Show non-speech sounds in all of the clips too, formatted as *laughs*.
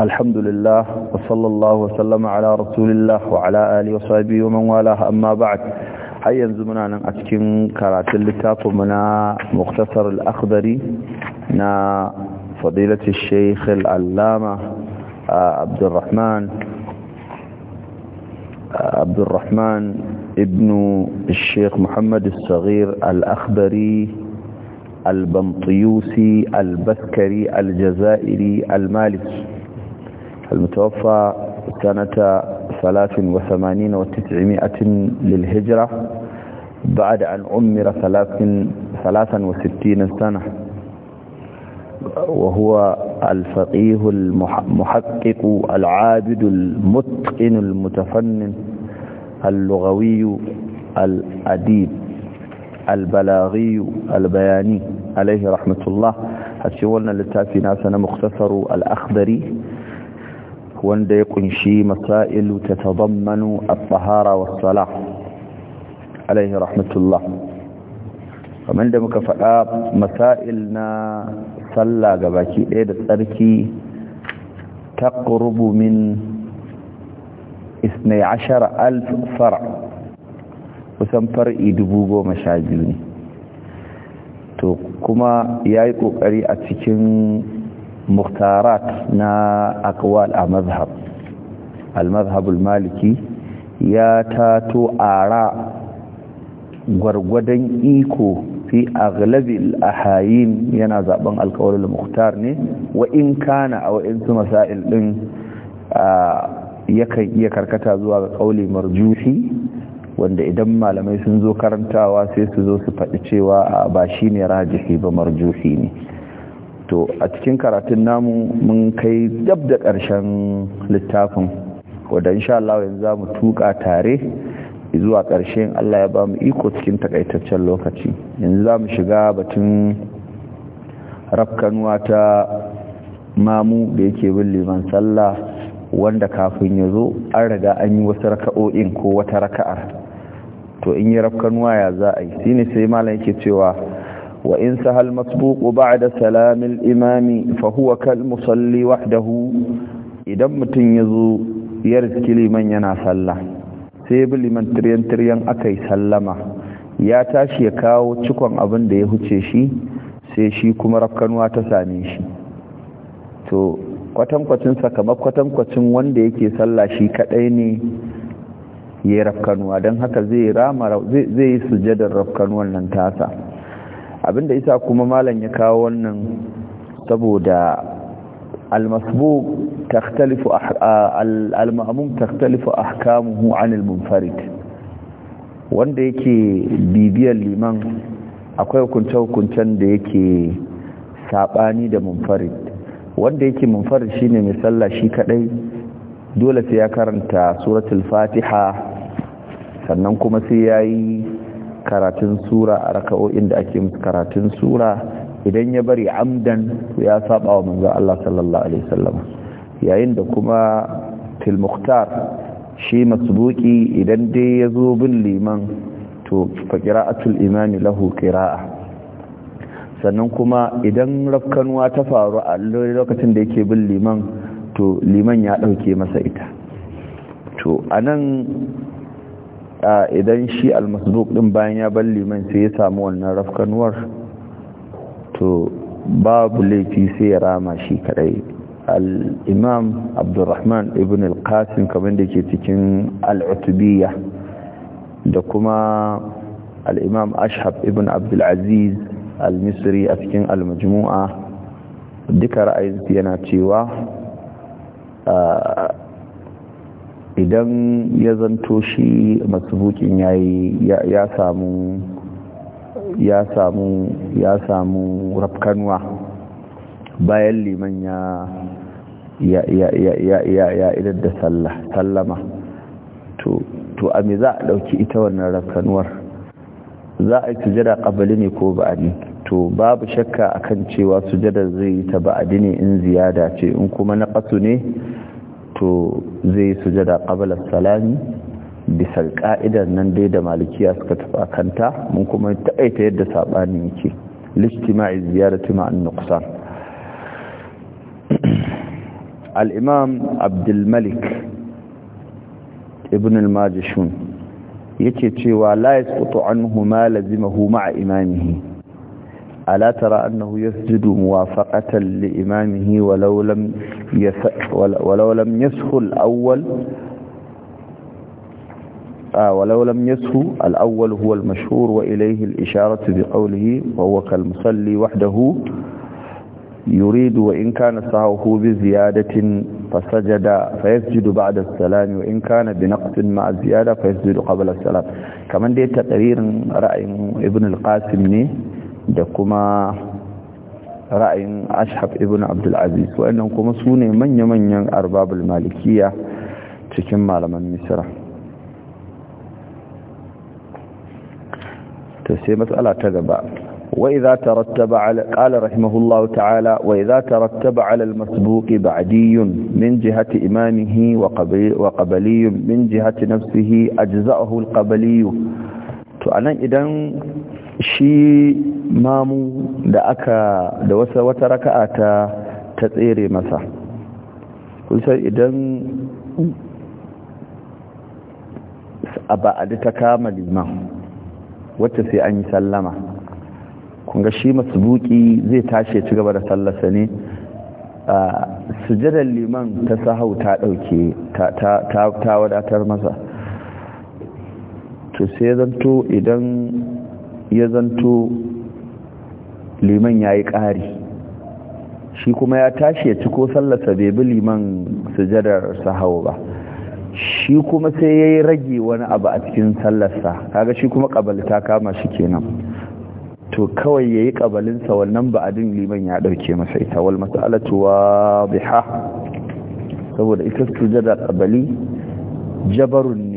الحمد لله وصلى الله وسلم على رسول الله وعلى اله وصحبه ومن والاه اما بعد حيا زمنا نن اتكن قراءه الكتاب منا مختصر الاخبري نا فضيله الشيخ العلامه عبد الرحمن عبد الرحمن ابن الشيخ محمد الصغير الاخبري البنطيوسي البسكري الجزائري المالكي المتوفى سنة 83 و900 للهجرة بعد أن عمر 63 سنة وهو الفقيه المحقق العابد المتقن المتفنن اللغوي الأديب البلاغي البياني alaihi rahmatullah a cikin littafi nasa na muktasaru al-akhdari wanda ya kunshi masailu tatadammanu at-tahara was-salah alaihi rahmatullah kamar da muka faɗa masail na sallah baki ɗaya da tsarki taqrubu min 12000 far' kusan far'i dubu goma sha biyu ne to kuma ya yi ƙoƙari a cikin muhtarat na akwal a mazhab al-mazhabul maliki ya tato ara gwargwadon iko fi aghlabil ahayin yana zaben alkawarin muhtar ne wa in kana a wa'insu masail din yakan iya karkata zuwa ga kauli marjuhi wanda idan malamai sun zo karantawa sai su zo su faɗi cewa ba shi ne rajihi ba marjuhi ne to a cikin karatun namu mun kai dab da ƙarshen littafin wadda insha Allah yanzu za mu tuƙa tare zuwa ƙarshen Allah ya ba mu iko cikin takaitaccen lokaci yanzu za mu shiga batun rafkanuwa ta mamu da yake bin liman sallah wanda kafin ya zo an riga an yi wasu raka'o'in ko wata raka'ar to in yi rafkanuwa ya za a yi shi ne sai malam yake cewa wa in sahal masbuqu ba'da salamin imami fa huwa kal musalli wahdahu idan mutum ya zo ya rikili man yana sallah sai bi liman tiryan aka yi sallama ya tashi ya kawo cikon abin da ya huce shi sai shi kuma rafkanuwa ta same shi to kwatankwacin sakamakon kwatankwacin wanda yake sallah shi kadai ne ya yi rafkanuwa don haka zai yi sujadar rafkanuwan nan tasa abinda isa kuma malam ya kawo wannan saboda almasbub takhtalifu ah, al-ma'mum takhtalifu ahkamuhu 'an wanda yake bibiyar liman akwai hukunce-hukuncen da yake sabani da munfarid wanda yake munfarid shine mai sallah shi kadai dole sai ya karanta suratul fatiha sannan kuma sai ya yi karatun sura a raka'o'in da ake karatun sura idan ya bari amdan ya saba wa manzo Allah sallallahu alaihi wasallam yayin da kuma til mukhtar shi masbuki idan dai ya zo bin liman to fa qira'atul imani lahu qira'a sannan kuma idan rafkanwa ta faru a lokacin da yake bin liman to liman ya ɗauke masa ita to a nan idan shi al-masduq ɗin bayan ya bar liman sai ya samu wannan rafkanuwar to babu laifi sai ya rama shi kadai imam abdurrahman ibn al-qasim kamar da ke cikin al al-utubiyya da kuma al imam ashab ibn abdulaziz al-misri a cikin al-majmu'a duka ra'ayinsu yana cewa Eh, idan ya zanto shi matsubukin ya samu ya samu ya samu rafkanwa bayan liman ya ya idar da sallama to a me za a dauki ita wannan rafkanuwar za a yi sujada kabali ne ko ba'di to babu shakka akan cewa sujada zai yi ta ba'adi ne in ziyada ce in kuma na ƙasu ne to zai sujada ƙabalar salami bisa ƙa'idar nan dai da malikiya suka tafi kanta mun kuma taƙaita yadda saɓani yake lishtima'i ziyarati ma'an nuqsan *clears throat* al-imam abdulmalik ibn al-majishun yake cewa la yasqutu anhu ma lazimahu ma'a imamihi ألا ترى أنه يسجد موافقة لإمامه ولو لم ولو لم يسهو الأول آه ولو لم يسهو الأول هو المشهور وإليه الإشارة بقوله وهو كالمصلي وحده يريد وإن كان سهوه بزيادة فسجد فيسجد بعد السلام وإن كان بنقص مع الزيادة فيسجد قبل السلام كمان دي تقرير رأي ابن القاسم نيه da kuma ra'ayin ashab ibn abdulaziz waɗannan kuma su ne manya-manyan arbabul malikiya cikin malaman misira to sai matsala ta gaba وإذا ترتب على قال رحمه الله تعالى وإذا ترتب على المسبوق بعدي من جهة إمامه وقبلي, وقبلي من جهة نفسه أجزأه القبلي to anan idan shi mamu da aka da wasa wata raka'a ta ta tsere masa kusa idan ba'adi ta kama liman wacce sai an yi sallama kunga shi masbuki zai tashi ci gaba da sallarsa ne sujadar liman ta sahau ta dauke ta wadatar masa to sai zanto idan ya zanto liman ya yi ƙari shi kuma ya tashi ya ci ko sallarsa bai bi liman sujadar sahau ba shi kuma sai ya yi rage wani abu a cikin sallasa kaga shi kuma ƙabali ta kama shi kenan to kawai ya yi ƙabalinsa wannan ba'adin liman ya ɗauke masa ita wal mas'alatu wa biha saboda ita sujadar ƙabali jabarun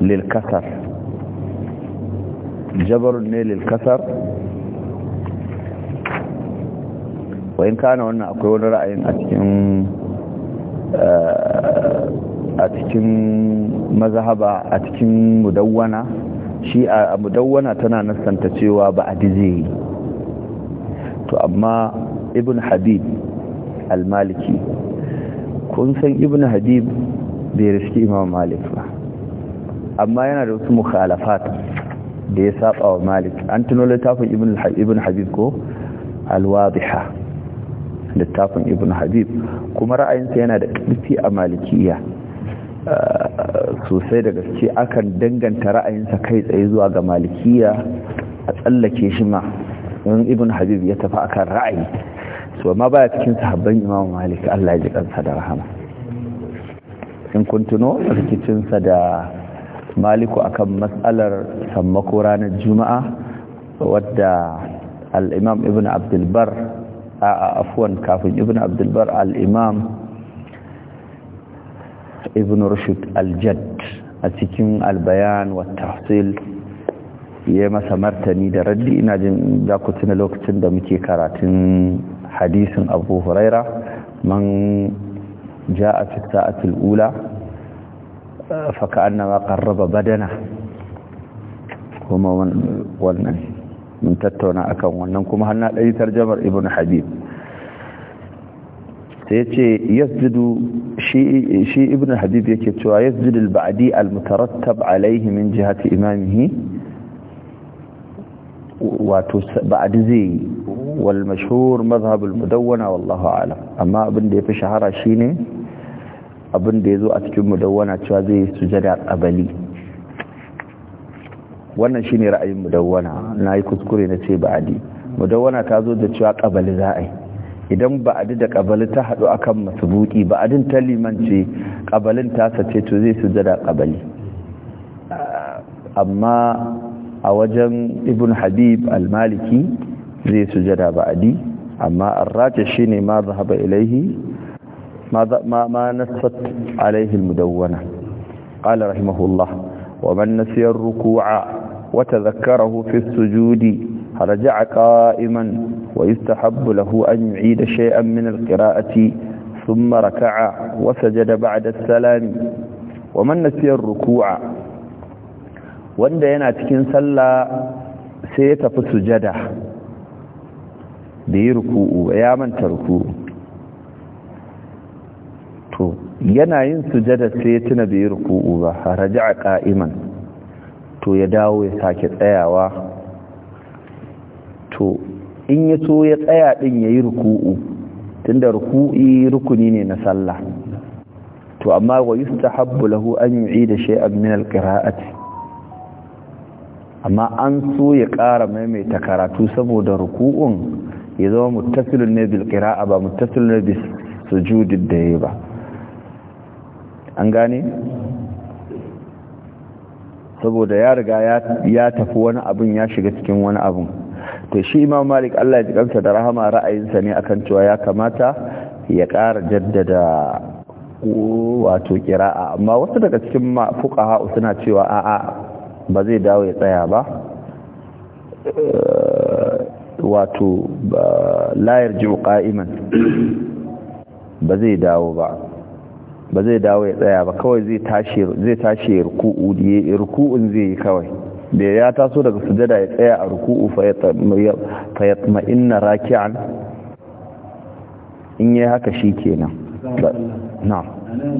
lilkasar jabarun ne lilkasar wayin kana wannan akwai wani ra'ayin a cikin eh, a a cikin mudawwana shi a mudawwana tana nasanta cewa ba a to amma ibn habib al kun san ibn habib bai riski imam malik ba amma yana da wasu mukhalafat da ya saba wa malik an tuno littafin ibn habib ko alwadiha littafin ibn habib kuma ra'ayinsa yana da ƙarfi a malikiya ah, sosai da gaske akan danganta ra'ayinsa kai tsaye zuwa ga malikiya a tsallake shi ma in ibn habib ya tafi akan ra'ayi so ma baya cikin sahabban imam malik Allah ya ji kansa da rahama in kun tuno rikicinsa da maliku akan matsalar sammako ranar juma'a wadda al'imam ibn abdulbar a afuwan kafin ibn abdulbar al'imam ibn rushd aljad a cikin albayan wa hasil ya masa martani da raddi ina jin za ku tuna lokacin da muke karatun hadisin abu huraira man a fi sa'atul ula faka annama qarraba badana kuma wannan mun tattauna akan wannan kuma har na dai tarjumar ibnu habib sai yace yasjudu shi shi ibnu habib yake cewa yasjudu al-ba'di al-mutarattab alayhi min jihati imamihi wato ba'di zai wal mashhur madhhab al-mudawwana wallahu a'lam amma abin da yafi shahara shine abin da ya zo a cikin mudawwana cewa zai yi sujada ƙabali wannan shi ne ra'ayin mudawwana na yi kuskure na ce ba'adi mudawwana ta zo da cewa ƙabali za a yi idan ba'adi da ƙabali ta haɗu a kan masubuki ba'adin ta limance ƙabalin ta sace to zai sujada ƙabali amma a wajen ibn habib al-maliki zai sujada ba'adi amma arrace shi ne ma zahaba ilaihi ما, ما, ما نصت عليه المدونة قال رحمه الله ومن نسي الركوع وتذكره في السجود رجع قائما ويستحب له أن يعيد شيئا من القراءة ثم ركع وسجد بعد السلام ومن نسي الركوع wanda yana تكين سلا سيتف ya tafi sujada da to yana yin sujada sai ya tuna bai ruku'u ba raja'a qa'iman to ya dawo ya sake tsayawa to in ya so ya tsaya din yayi ruku'u tunda ruku'i rukuni ne na sallah to amma wa yustahabbu lahu an yu'ida shay'an min al-qira'ati amma an so ya ƙara maimaita karatu saboda ruku'un ya zama muttasilun ne bil qira'a ba muttasilun ne bis sujudi da yayi ba an gane saboda ya riga ya tafi wani abin ya shiga cikin wani abin to shi imam malik allah ya ji kansa da rahama ra'ayinsa ne akan cewa ya kamata ya ƙara jaddada wato kira'a amma wasu daga cikin ha'u suna cewa a'a ba zai dawo ya tsaya ba eh, wato layar jiwu ka'iman ba zai dawo ba ba zai dawo ya tsaya ba kawai zai tashi zai tashi ruku'u ya ruku'un zai yi kawai da ya taso daga sujada ya tsaya a ruku'u fa yatma'inna raki'an in yi haka shi kenan nan na'am na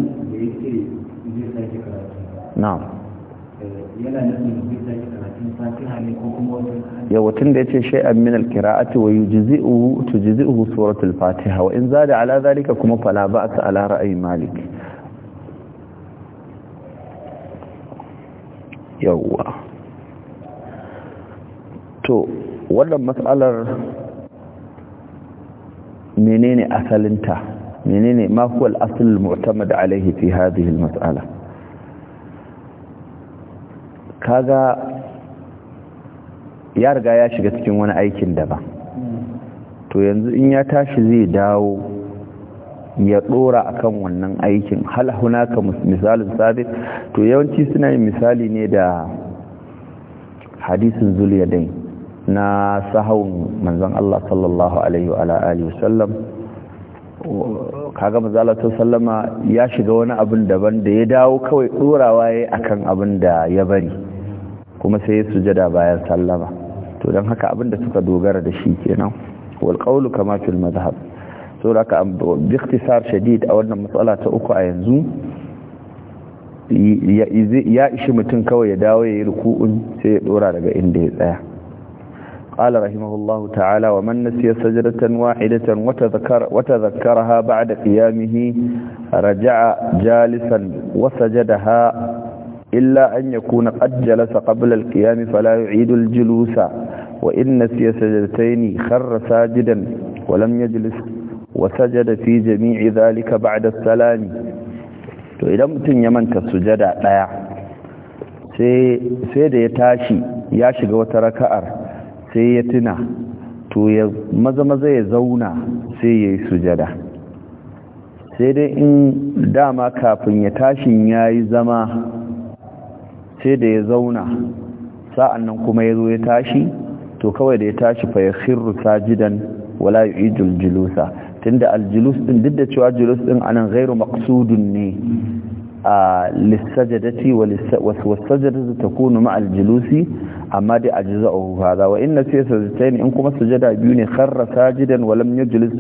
nufin da ya ce shai shay'an min alqira'ati wa yujzi'uhu tujzi'uhu suratul fatiha wa in zada ala zalika kuma fala ba'sa ala ra'ayi malik yawwa to wannan matsalar menene asalinta menene ma huwa al-asl al-mu'tamad alayhi fi hadhihi al-mas'ala kaga ya riga ya shiga cikin wani aikin daban to yanzu in ya tashi zai dawo ya dora akan wannan aikin hal hunaka misalin sabit to yawanci suna yin misali ne da hadisin zuliyadain na sahawun manzon Allah sallallahu alaihi wa alihi wasallam kaga manzon Allah sallama ya shiga wani abin daban da ya dawo kawai dorawa yayi akan abin da ya bari kuma sai ya sujada bayan sallama to don haka abin da suka dogara da shi kenan wal qawlu kama fil madhhab to da ka biktisar shadid a wannan matsala ta uku a yanzu ya ishi mutum kawai ya dawo ya yi ruku'un sai ya dora daga inda ya tsaya قال رحمه الله تعالى ومن نسي سجدة واحدة وتذكر وتذكرها بعد قيامه رجع جالسا وسجدها إلا أن يكون قد جلس قبل القيام فلا يعيد الجلوس وإن نسي سجدتين خر ساجدا ولم يجلس وسجد في جميع ذلك بعد السلام to idan mutum ya manta sujada daya sai da ya tashi ya shiga wata raka'ar sai ya tuna to ya maza maza ya zauna sai ya yi sujada sai dai in dama kafin ya tashi ya yi zama sai da ya zauna sa'an nan kuma ya zo ya tashi to kawai da ya tashi fa ya khirru sajidan wala yu'idul julusa tunda aljulus din duk da cewa julus din anan ghairu maqsudun ne a lissajadati wa ta takunu ma aljulusi amma dai ajza'u hada wa inna fi in kuma sujada biyu ne kharra sajidan wa lam yajlis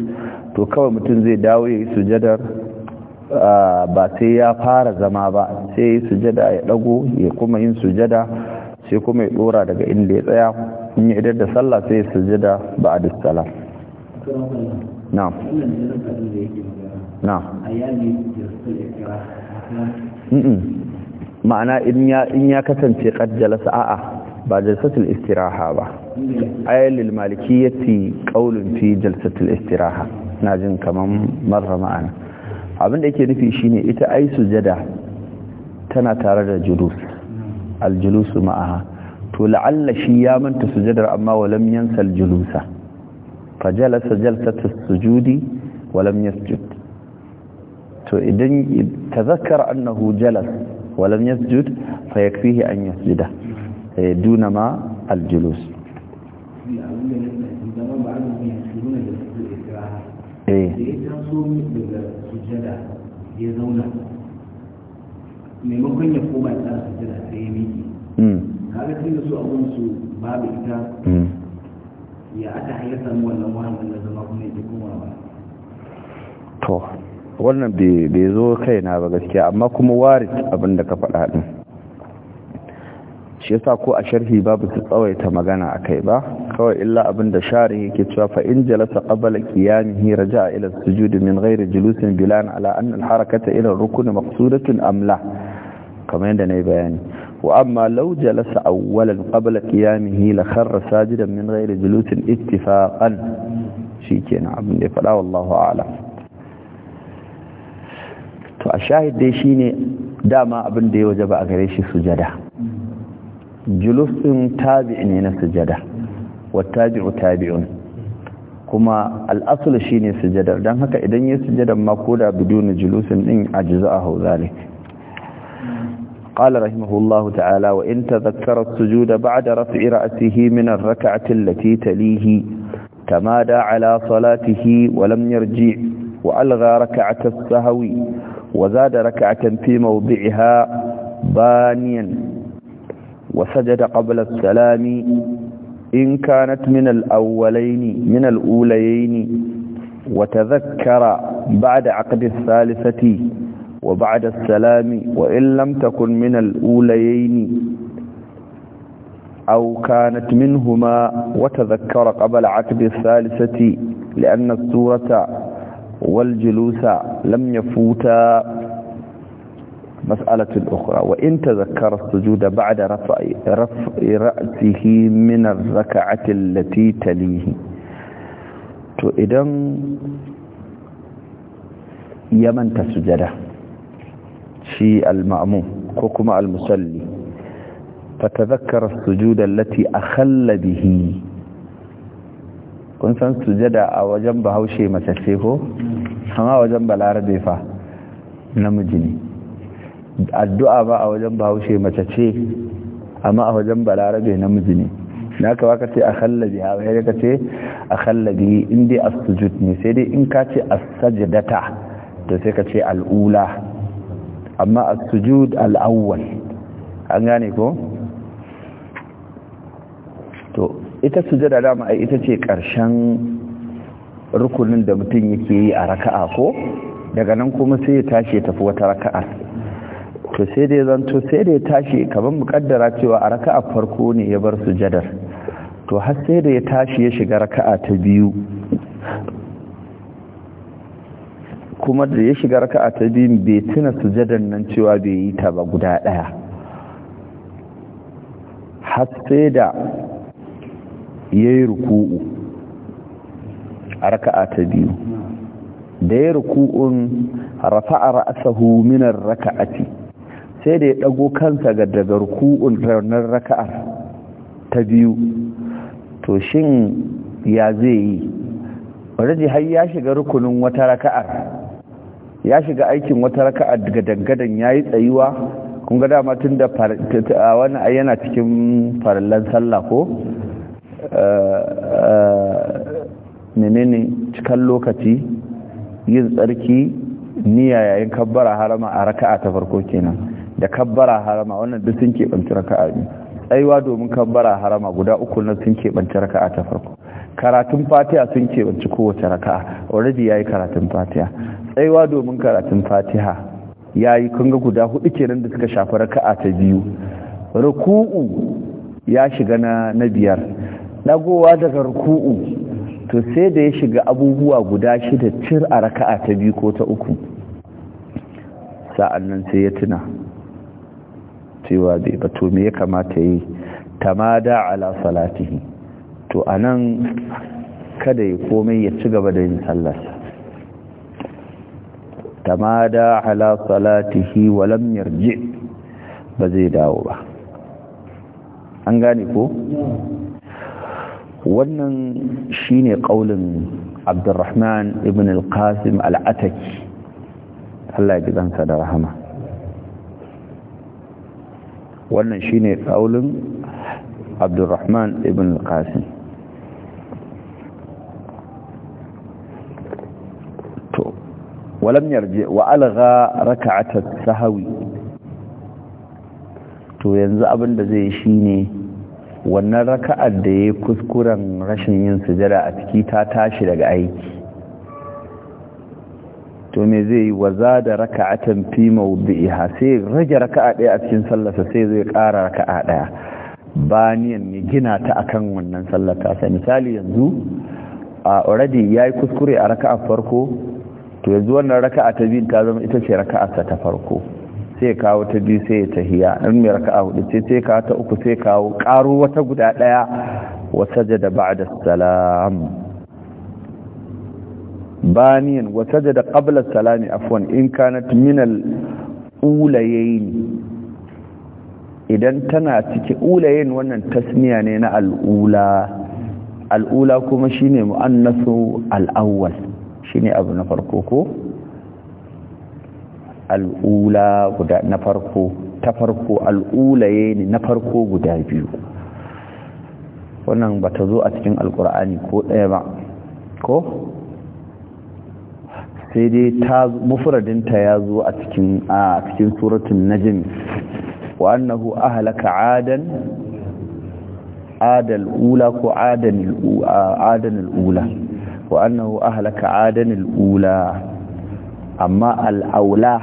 to kawai mutum zai dawo yayi sujadar ba sai ya fara zama ba sai yi sujada ya dago ya kuma yin sujada sai kuma ya dora daga inda ya tsaya in ya idar da sallah sai ya sujada ba'da salam na'am na'am ma'ana in ya kasance kajjala a'a ba jalsatul istiraha ba ayyalil malikiyyati qaulun fi jalsatul istiraha na jin kaman marra ma'ana abinda yake nufi shine ita ai sujada tana tare da julus aljulusu ma'aha to la'alla shi ya manta sujadar amma walam yansa aljulusa fajalasa jalsatu sujudi wa lam yasjud to idan tazakkara annahu jalas wa lam yasjud fa yakfihi an yasjuda duna ma aljulus eh ya zauna maimakon ya koma ta sujada sai ya miki kaga tunda su abun su babu ita ya aka wannan to wannan bai zo kaina ba gaskiya amma kuma warit abin da ka faɗa ɗin shi yasa ko a sharhi babu su tsawaita magana a kai ba kawai illa abin da shari yake cewa fa in jalasa qabla qiyamihi raja'a ila sujud min ghairi julusin bilan ala anna al-harakata ila ar-rukn amla kamar yadda nayi bayani وأما لو جلس أولا قبل قيامه لخر ساجدا من غير جلوس اتفاقا شيء كان عبد فلا والله أعلم فالشاهد دي شيني داما ابن دي وجب أغريشي سجدة جلوس تابع نينا سجدة والتابع تابع kuma al'asul shine sujadar don haka idan ya sujadar ma koda biduni julusin din ajza'ahu zalik قال رحمه الله تعالى وإن تذكر السجود بعد رفع رأسه من الركعة التي تليه تمادى على صلاته ولم يرجع وألغى ركعة السهو وزاد ركعة في موضعها بانيا وسجد قبل السلام إن كانت من الأولين من الأوليين وتذكر بعد عقد الثالثة وبعد السلام وإن لم تكن من الأوليين أو كانت منهما وتذكر قبل عقد الثالثة لأن السورة والجلوس لم يفوتا مسألة أخرى وإن تذكر السجود بعد رفع, رفع رأسه من الركعة التي تليه تؤدم يمن تسجده shi al ko kuma al-musalli fatadhakkara as-sujuda allati akhalla bihi kun san sujada a wajen bahaushe mace ce ko amma wajen balarabe fa namiji ne addu'a ba a wajen bahaushe mace ce amma a wajen balarabe namiji ne na ka ce a kallabi a wani ka ce a kallabi in dai a sujud ne sai dai in ka ce a sajidata to sai ka ce al'ula amma a sujud al an gane ko to ita sujada dama ita ce ƙarshen rukunin da mutum yake yi a raka'a ko daga nan kuma sai ya tashi ya tafi wata raka'a to sai dai ya zanto sai dai ya tashi kamar muƙaddara cewa a raka'a farko ne ya bar sujadar to har sai da ya tashi ya shiga raka'a ta biyu kuma da ya shiga raka'a ta biyu bai tuna sujadar nan cewa bai yi ta ba guda ɗaya har sai da ya yi ruku'u a raka'a ta biyu da ya ruku'un rafa'a ra'asahu minar raka'ati sai da ya ɗago kansa ga daga ruku'un ranar raka'ar ta biyu to shin ya zai yi wadda har ya shiga rukunin wata raka'ar ya shiga aikin wata raka'a daga dangadan ya yi tsayuwa kun ga dama tun da wani yana cikin farallan sallah ko eh, eh, menene cikin lokaci yin tsarki niyya yayin kabbara harama a raka'a ta farko kenan da kabbara harama wannan duk sun keɓanci raka'a ne tsayuwa domin kabbara harama guda uku na sun keɓanci raka'a ta farko karatun fatiya sun keɓanci kowace raka'a already yi karatun fatiya. tsaiwa domin karatun fatiha ya yi kunga guda hudu kenan da suka shafi raka'a ta biyu ruku'u ya shiga na biyar dagowa daga ruku'u to sai da ya shiga abubuwa guda shida cir a raka'a ta biyu ko ta uku sa'an nan sai ya tuna cewa bai bato me ya kamata yi tamada ala salatihi to anan kada ya komai ya ci gaba da yin sallarsa tamada ala salatihi wa lam yarji ba zai dawo ba an gane ko wannan shine kaulin Abdurrahman ibn al-Qasim al-Ataki Allah ya gidansa da rahama wannan shine kaulin Abdurrahman ibn al walam yarje wa alga raka'atat sahawi to yanzu abin da zai shine wannan raka'ar da yayi kuskuren rashin yin sujada a ciki ta tashi daga aiki to me zai yi wa raka'atan fi mawdi'iha sai rage raka'a daya a cikin sallarsa sai zai ƙara raka'a daya baniyan ne gina ta akan wannan sallar ta sai misali yanzu a already yayi kuskure a raka'ar farko to yanzu wannan raka'a ta biyu ta zama ita ce raka'a ta farko sai kawo ta biyu sai ya tahiya in mai raka'a hudu ce sai kawo ta uku sai kawo karo wata guda daya wa sajada ba'da salam baniyan wa sajada qabla salami afwan in kanat min al ulayayn idan tana ciki ulayayn wannan tasmiya ne na al'ula al'ula kuma shine mu'annasu al-awwal shine abu na farko ko al'ula guda na farko ta farko al'ulaye ne na farko guda biyu wannan ba ta zo a cikin alkur'ani ko ɗaya ba ko sai dai ta mufradinta ya zo a cikin a cikin suratun najm wa annahu ahlaka adan adal ula ko adan ula وأنه أهلك عادا الأولى أما الأولى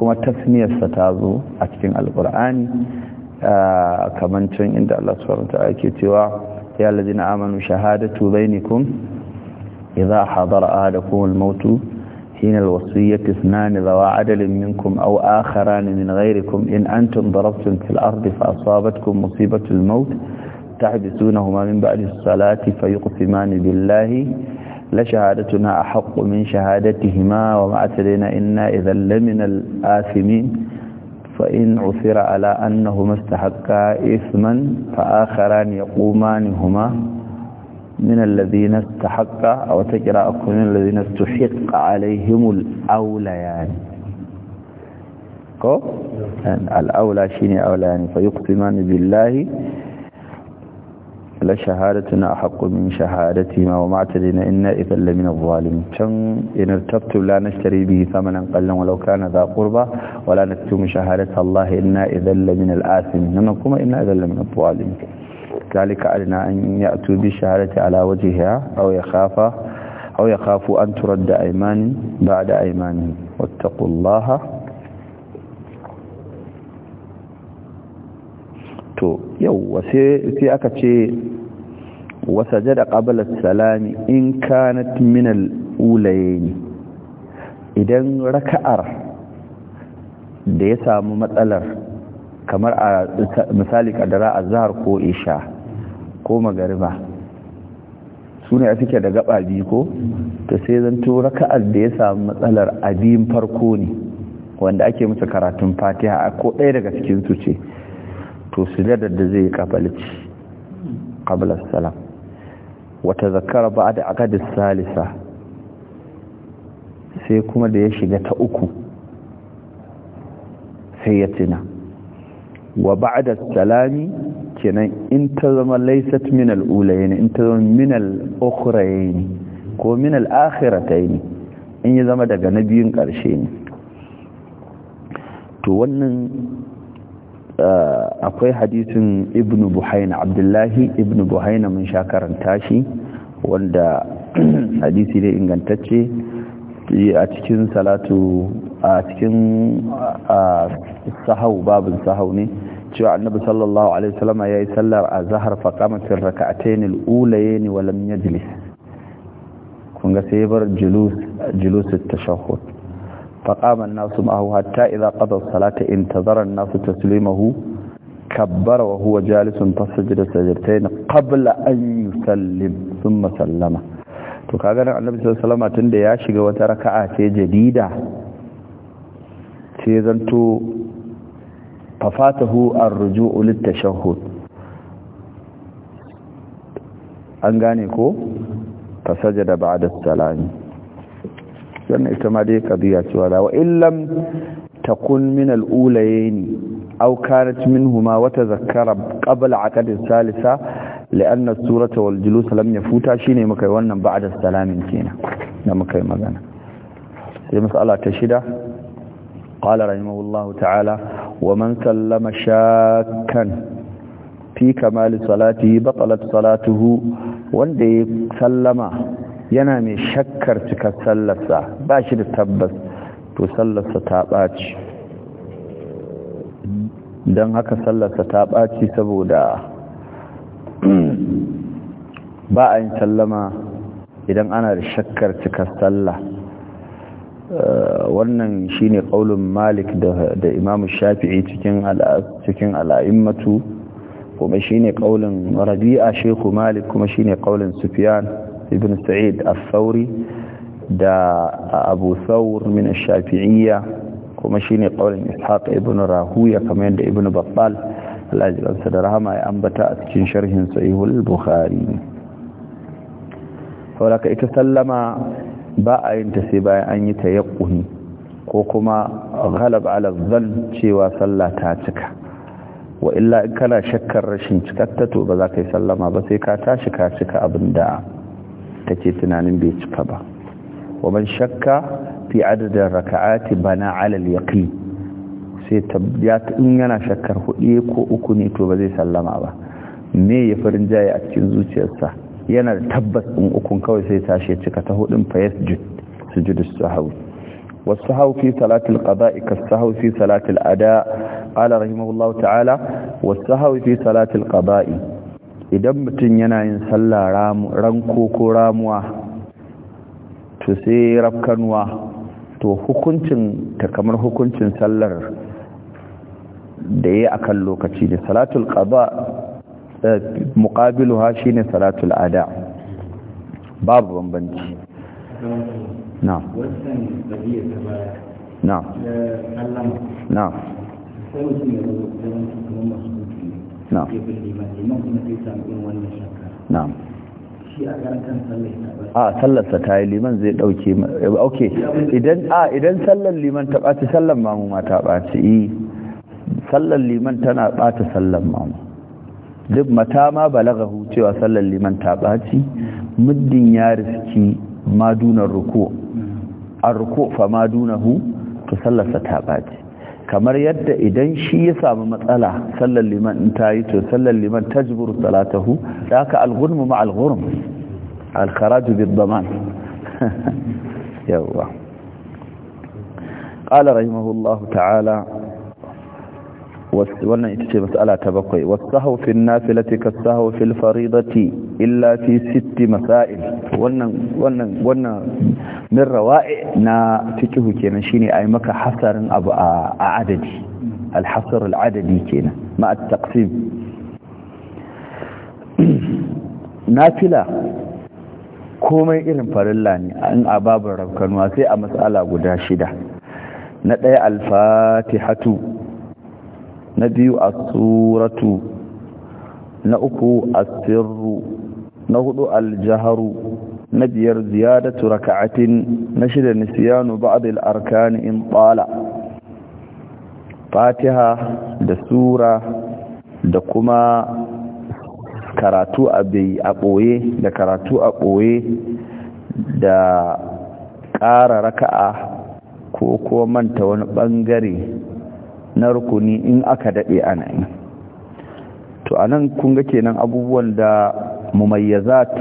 كما تسمية ستازو أكتن القرآن كمن آه، كمان عند الله سبحانه وتعالى كتوا يا الذين آمنوا شهادة بينكم إذا حضر أهلكم الموت حين الوصية اثنان ذوى عدل منكم أو آخران من غيركم إن أنتم ضربتم في الأرض فأصابتكم مصيبة الموت تحدثونهما من بعد الصلاة فيقسمان بالله la shahadatuna ahqqu min shahadatihima wa ma atadina inna idhan laminal asimin fa in usira ala annahuma istahaqqa isman fa akharan yaqumani huma من الذين استحق أو تقرأ من الذين استحق عليهم الأوليان ko al'aula shi ne aula ne fa yi billahi لشهادتنا أحق من شهادتهما وما اعتدنا إنا إذا لمن الظالمين كم إن ارتبت لا نشتري به ثمنا قلا ولو كان ذا قربى ولا نكتم شهادة الله إنا إذا لمن الآثمين نقوم إنا إذا لمن الظالمين ذلك علينا أن يأتوا بالشهادة على وجهها أو يخاف أو يخافوا أن ترد أيمان بعد أيمانهم واتقوا الله to yau sai aka ce jada ƙabalar salami in kanat min al-ulayn idan raka'ar da ya samu matsalar kamar a misali kadara azhar ko isha ko magariba sune suke da gaba biyu ko to sai zanto raka'ar da ya samu matsalar abin farko ne wanda ake musu karatun fatiha ko ɗaya daga cikin su ce to sujadar da zai kabalci kabalici qabla salam wata zakara ba da da salisa sai kuma da ya shiga ta uku sai ya tina wa ba'da salami kenan in ta zama laysat min al-ulayn in ta zama min al-ukhrayn ko min al-akhiratayn in ya zama daga na biyun karshe ne to wannan akwai hadisin ibn buhaina abdullahi ibn buhaina mun sha karanta shi wanda hadisi dai ingantacce a cikin salatu a cikin sahau babin sahau ne cewa annabi sallallahu alaihi wasallam ya yi sallar a zahar faqamatin raka'atayn al-ulayayn wa lam yajlis kun ga sai bar julus julus at فقام الناس معه حتى إذا قضى الصلاة انتظر الناس تسليمه كبر وهو جالس kabla سجدتين قبل أن يسلم ثم سلم to kaga nan annabi sallallahu alaihi wasallam ya shiga wata raka'a ce jadida sai zanto fafatahu ar-ruju'u lit-tashahhud an gane ko fasajada ba'da salami wannan ita ma dai qadiya cewa wala wa illam takun min al-ulayayn aw kanat minhuma wa tazakkara qabla aqd al-thalitha li'anna as-surata wal julus lam yafuta shine muka yi wannan ba'da salamin kenan da muka yi magana sai mas'ala ta shida قال رحمه الله تعالى ومن سلم fi kamali كمال صلاته salatuhu wanda ya sallama. yana mai shakkar cikar sallarsa ba shi da tabbas to sallarsa ta ɓaci don haka sallarsa ta ɓaci saboda *clears throat* ba a yin sallama idan ana da shakkar cikar sallah eh, wannan shi ne ƙaunin malik da imamu shafi'i cikin al'a'immatu kuma shi ne ƙaunin rabi'a shehu malik kuma shi ne ƙaunin sufiyan ibn sa'id al-thawri da abu thawr min shafiiyya kuma shine qaulin ishaq ibn rahuya kamar yadda ibn battal Allah ya ji da rahama ya ambata a cikin sharhin sahihul bukhari saboda ita sallama ba a yin ta sai bayan an yi ta yaƙuni ko kuma ghalab ala zan cewa sallah ta cika wa illa in kana shakkar rashin cikatta to ba za ka yi sallama ba sai ka tashi ka cika abin da take tunanin bai cika ba Waban shakka fi adadin raka'ati bana ala al sai ya in yana shakkar hudu ko uku ne to ba zai sallama ba me ya farin jaye a cikin zuciyarsa yana da tabbas in ukun kawai sai tashi cika ta hudun fa yasjud sujud as Wasu والسهو في صلاة القضاء كالسهو في صلاة الأداء قال رحمه الله تعالى والسهو في صلاة القضاء idan mutum yana yin sallah ranko ko ramuwa to sai rafkanuwa to hukuncin ta kamar hukuncin sallar da ya akan lokaci ne salatul qada eh, muqabiluha shine salatul ada babu bambanci na na na na'am sallarsa ta yi liman zai dauke ok idan sallar liman ta ɓaci sallar mamu ma ta ɓaci yi sallar liman tana ɓata sallar mamu duk mata ma balaga cewa sallar liman ta ɓaci muddin ya riski madunan ruku a ruku fa madunahu to sallarsa ta ɓaci kamar yadda idan shi ya samu matsala sallar liman in ta yi to sallar liman ta jiburu salatahu da haka algurmu ma algurm alkharaju biddaman yawwa قال رحمه الله تعالى wannan ita ce mas'ala ta bakwai wasahu fi nafilati kasahu fil faridati illa fi sitti masail wannan wannan wannan min rawa'i na fiqhu kenan shine ayi maka hasarin abu a adadi al hasar al adadi kenan ma at taqsim nafila komai irin farilla ne in a babu rabkanuwa sai a mas'ala guda shida na ɗaya alfatihatu na biyu a suratu na uku a sirru na hudu al na biyar ziyadatu raka'atin na shida nisyanu ba'd al in tala fatiha da sura da kuma karatu a bai a ɓoye da karatu a ɓoye da ƙara raka'a ko ko manta wani ɓangare na rukuni in aka daɗe ana yi to a nan kunga kenan abubuwan da mumayyazat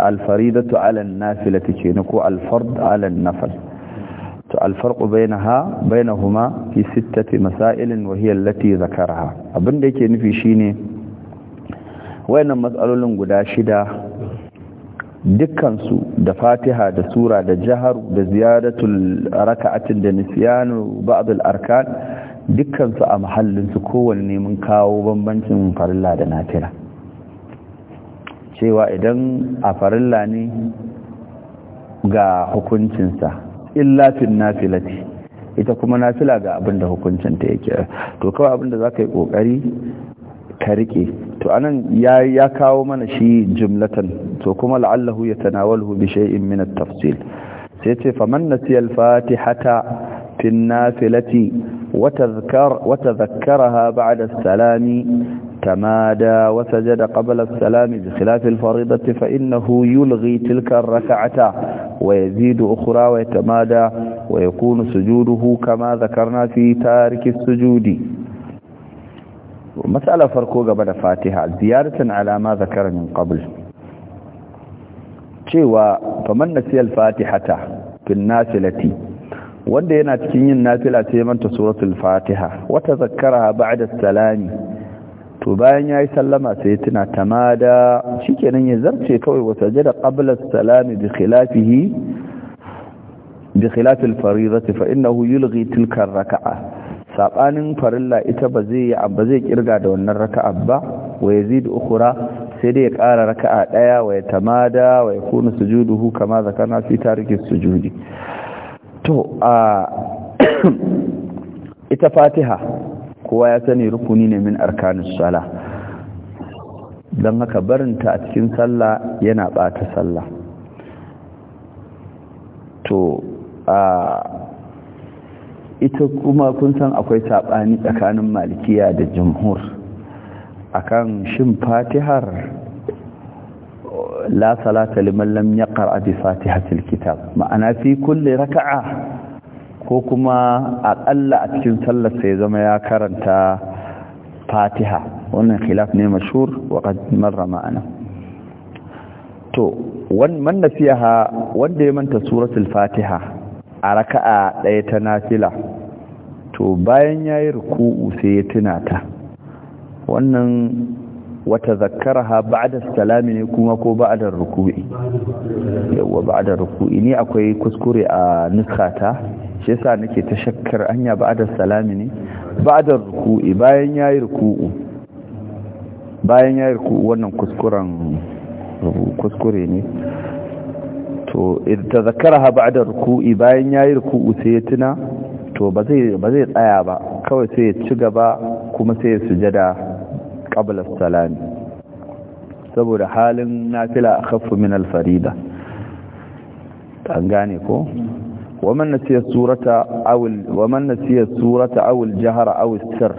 alfaridatu alan ta ce na ko alfard alan nafal to bai na huma fi sittati masailin wahiyar lati allati abinda yake nufi shine wayannan matsalolin guda shida dukkansu da fatiha da sura da jaharu da ziyaratul raka'atin da nisyanu ba'dul arkan dukkansu a su kowanne mun kawo bambancin farilla da nafila cewa idan a farilla ne ga hukuncinsa illa fil nafilati ita kuma nafila ga abinda hukuncinta yake to kawai abinda za ka yi ƙoƙari ka rike to anan ya ya kawo mana shi jumlatan to kuma la'allahu yatanawalhu bi shay'in min at-tafsil sai ce faman nasiya al-fatihata fi an-nafilati wa tadhkar wa tadhakkaraha ba'da as-salami تمادى وسجد قبل السلام بخلاف الفريضة فإنه يلغي تلك الركعة ويزيد أخرى ويتمادى ويكون سجوده كما ذكرنا في تارك السجود matsala farko gaba da fatiha ziyaratan alama zakara min qabl cewa faman nasiyal fatihata fil nasilati wanda yana cikin yin nafila sai manta suratul fatiha wata zakkara ba'da salami to bayan yayi sallama sai tuna tamada shikenan ya zarce kawai wata da qabla salami bi khilafihi bi khilafil faridati fa innahu yulghi tilka raka'a sabanin farilla ita ba zai ba zai kirga da wannan raka'a ba wa yazid ukhra sai dai ya ƙara raka'a daya wa tamada wa yakunu sujuduhu kama zakana fi tarikis sujudi to a *coughs* ita fatiha kowa ya sani rukuni ne min arkanin sala dan haka barinta a cikin sallah yana bata sallah to ita kuma kun san akwai saɓani tsakanin malikiya da jumhur akan shin fatihar la salata liman lam yaqra bi fatihatil kitab ma'ana fi kulli raka'a ko kuma a aƙalla a cikin sallar sai zama ya karanta fatiha wannan khilaf ne mashhur wa qad marra ma'ana to wannan nasiha wanda ya manta suratul fatiha a raka'a ɗaya ta nafila to bayan ya yi ruku'u sai ya tuna ta wannan wata zakaraha ba'da salami ne kuma ko ba'da ruku'i yawa ba'da ruku'i ne akwai kuskure a nuskata shi yasa nake ta shakkar anya ba'da salami ne ba'da ruku'i bayan yi ruku'u bayan yi ruku'u wannan kuskuren kuskure ne to ta zakaraha ha da ruku'i bayan yayi ruku'u sai ya tuna to ba zai tsaya ba kawai sai ya ci gaba kuma sai ya sujada ƙabla salami saboda halin nafila a min alfarida an ko waman na siya surata awul jihar al-sirr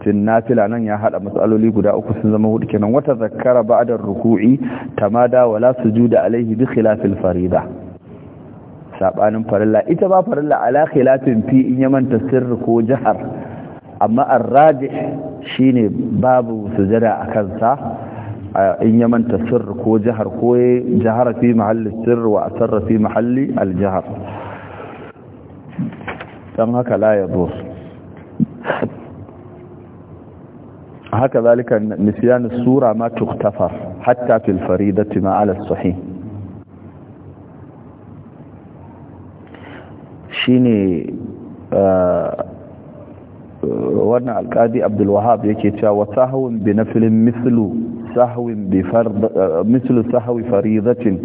sittin nafila nan ya hada matsaloli guda uku sun zama hudu kenan wata zakara ba'da ruku'i da wala sujuda alaihi bi khilafil farida saɓanin farilla ita ba farilla ala khilafin fi in manta sirri ko jihar, amma ar shi shine babu sujada a sa in ya manta sirri ko jihar ko ya jihar fi mahalli sirri wa asarra fi mahalli aljihar don haka la ya zo هكذلك نسيان السورة ما تختفر حتى في الفريدة ما على الصحيح شيني آه، ورنا القاضي عبد الوهاب يكيتها وسهو بنفل مثل سهو بفرض آه، مثل سهو فريضة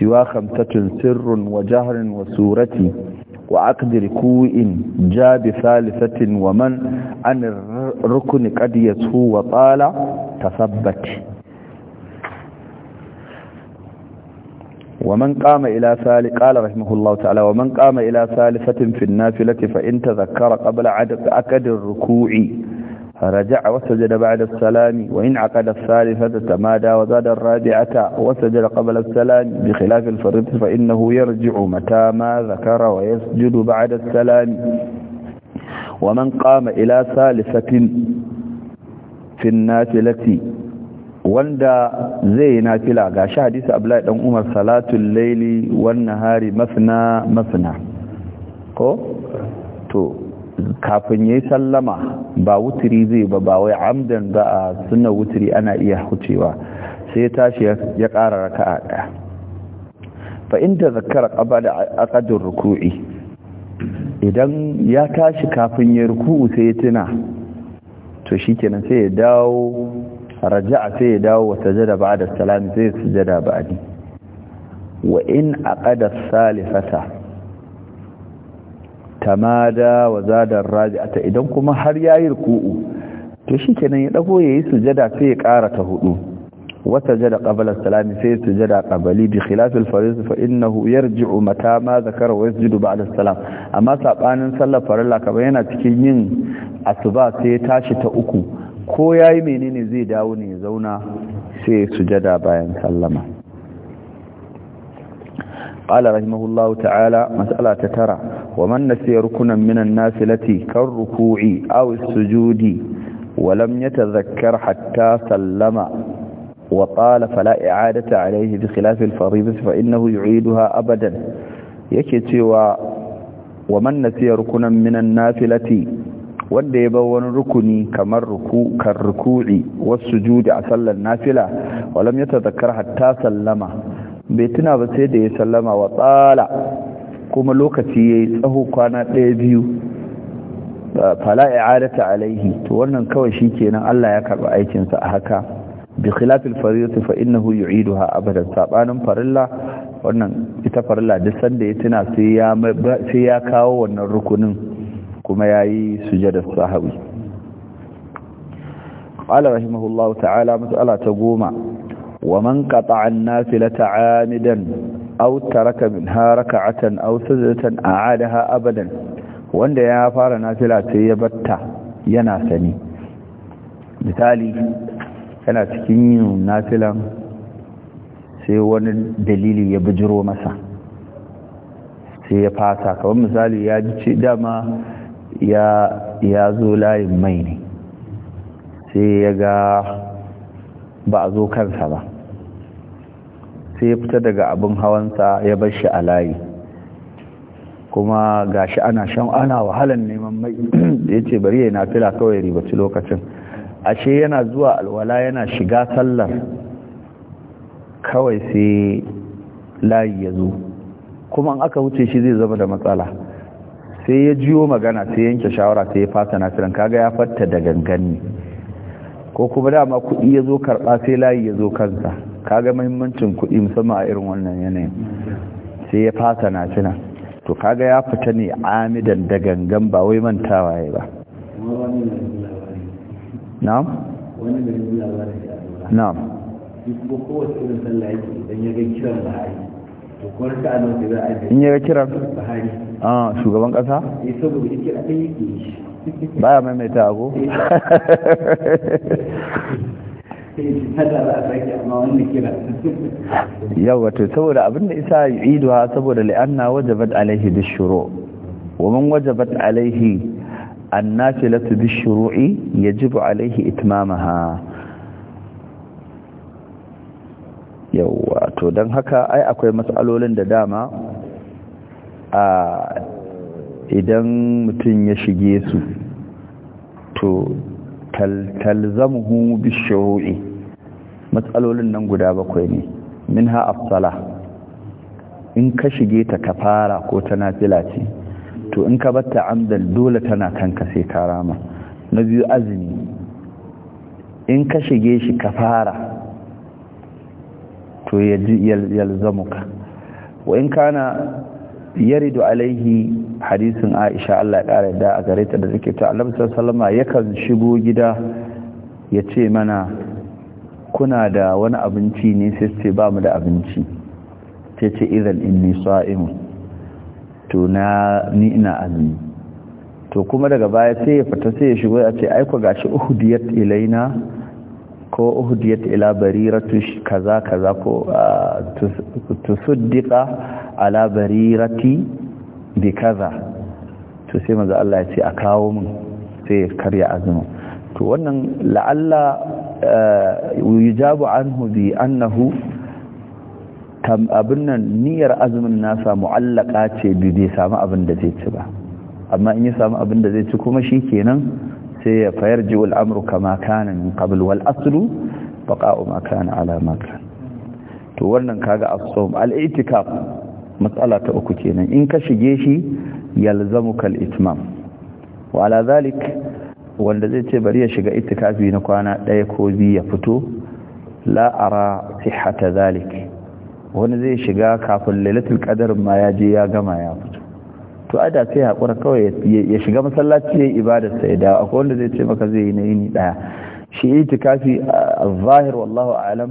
سوى خمسة سر وجهر وسورة وعقد ركوع جاء بثالثة ومن عن الركن قد يسهو وطال تثبت ومن قام إلى ثالث قال رحمه الله تعالى ومن قام إلى ثالثة في النافلة فإن تذكر قبل عدد أكد الركوع فرجع وسجد بعد السلام وإن عقد الثالثة تمادى وزاد الرابعة وسجد قبل السلام بخلاف الفريضة فإنه يرجع متى ما ذكر ويسجد بعد السلام ومن قام إلى ثالثة في النافلة wanda zai yi nafila ga shi hadisi abdullahi dan umar salatul laili wan nahari masna masna ko to kafin yayi sallama ba wuturi zai ba ba wai amdan ba a sunan wuturi ana iya hucewa sai tashi ya ƙara raka'a ɗaya fa inda zakara ƙaba da ruku'i idan ya tashi kafin ya ruku'u sai ya tuna to shi kenan sai ya dawo raja'a sai ya dawo wa sajada ba da salami sai ya sajada ba wa in aqada salifata tamada wa zadar raji'ata idan kuma har yayi ruku'u to shikenan ya dago yayi sujada sai ya ƙara ta hudu wata jada qabla salami sai sujada qabli bi khilaf al fariz fa innahu yarji'u mata ma zakara wa yasjudu ba'da salam amma sabanin sallar farilla kamar yana cikin yin asuba sai ya tashi ta uku ko yayi menene zai dawo ne ya zauna sai sujada bayan sallama قال رحمه الله تعالى مسألة ترى ومن نسي ركنا من الناس التي كالركوع أو السجود ولم يتذكر حتى سلم وطال فلا إعادة عليه بخلاف الفريضة فإنه يعيدها أبدا يكتوى ومن نسي ركنا من النافلة التي ya bar wani rukuni kamar ruku kan ruku'i wasu sujudi a sallar bai tuna ba sai da ya sallama wa tsala kuma lokaci ya yi tsaho kwana ɗaya biyu fala i'adata alaihi to wannan kawai shi kenan Allah ya karɓi aikinsa a haka bi khilafil fariyati fa innahu yu'iduha abadan sabanin farilla wannan ita farilla duk sanda ya tuna sai ya kawo wannan rukunin kuma yayi sujada sahawi qala rahimahullahu ta'ala mas'ala ta goma ومن قطع النافلة عامدا أو ترك منها ركعة أو سجدة أعادها أبدا وأن يا فار نافلة يبتع يناسني misali yana cikin yin nafilan sai wani dalili ya bijiro masa sai ya fasa kamar misali ya ci dama ya zo layin mai ne sai ya ga ba a zo kansa ba sai ya fita daga abin hawansa ya bar shi a layi kuma gashi ana shan ana wahalan neman mai *clears throat* ya ce bari ya yi nafila kawai ribaci lokacin ashe yana zuwa alwala yana shiga sallar kawai sai layi ya zo kuma in aka wuce shi zai zama da matsala sai ya jiyo magana sai yanke shawara sai ya fasa nasiran kaga ya fatta da gangan ne ko kuma dama kuɗi ya zo karɓa sai layi ya zo kansa kaga mahimmancin kuɗi musamman a irin wannan yanayin sai ya fasa na cina to kaga ya fita ne amidan da gangan ba wai mantawa ya ba na'am na'am in ya ga kiran a ah, shugaban ƙasa? ya maimaita ago? *laughs* yau wato saboda abinda isa iduwa saboda la'anna wajabat alaihi alaihi an bishuru latu وجبت shuru'i ya jibu alaihi عليه ha yau to don haka ai akwai matsalolin da dama a idan mutum ya shige su to talzamuhu bishuru'i matsalolin nan guda bakwai ne min ha afsala in ka shige ta ka fara ko ta nafila ce to in ka batta amdal dole tana kanka sai ka rama na biyu azumi in ka shige shi ka fara to yalzamuka wa in kana yaridu alaihi hadisin aisha Allah ya da a gare ta da take ta annabi yakan shigo gida ya ce mana kuna da wani abinci ne sai ce ba mu da abinci ta ce idan nisa imu to na ni ina azumi to kuma daga baya sai ya fita sai ya shigo ya ce aiko shi uhudiyat ilaina ko uhudiyat ila bariratu kaza kaza ko tusuddiqa ala barirati bi kaza to sai manzo Allah ya ce a kawo mun sai karya azumi to wannan la'alla yujabu anhu bi annahu kam abin nan niyyar azumin nasa mu'allaka ce bi bai samu abin da zai ci ba amma in ya samu abin da zai ci kuma shi kenan sai ya fayar ji al'amru kama kana min qabl wal aslu baqa'u ma kana ala to wannan kaga asom sawm al matsala ta uku kenan in ka shige shi yalzamuka al-itmam wa ala zalik. wanda zai ce bari ya shiga itikafi na kwana ɗaya ko biyu ya fito la'ara sihata zalik wani zai shiga kafin lailatul qadar ma ya je ya gama ya fito to a da sai hakura kawai ya shiga masallaci ya ibadar sai da akwai wanda zai ce maka zai yi na yini daya shi itikafi al-zahir wallahu a'lam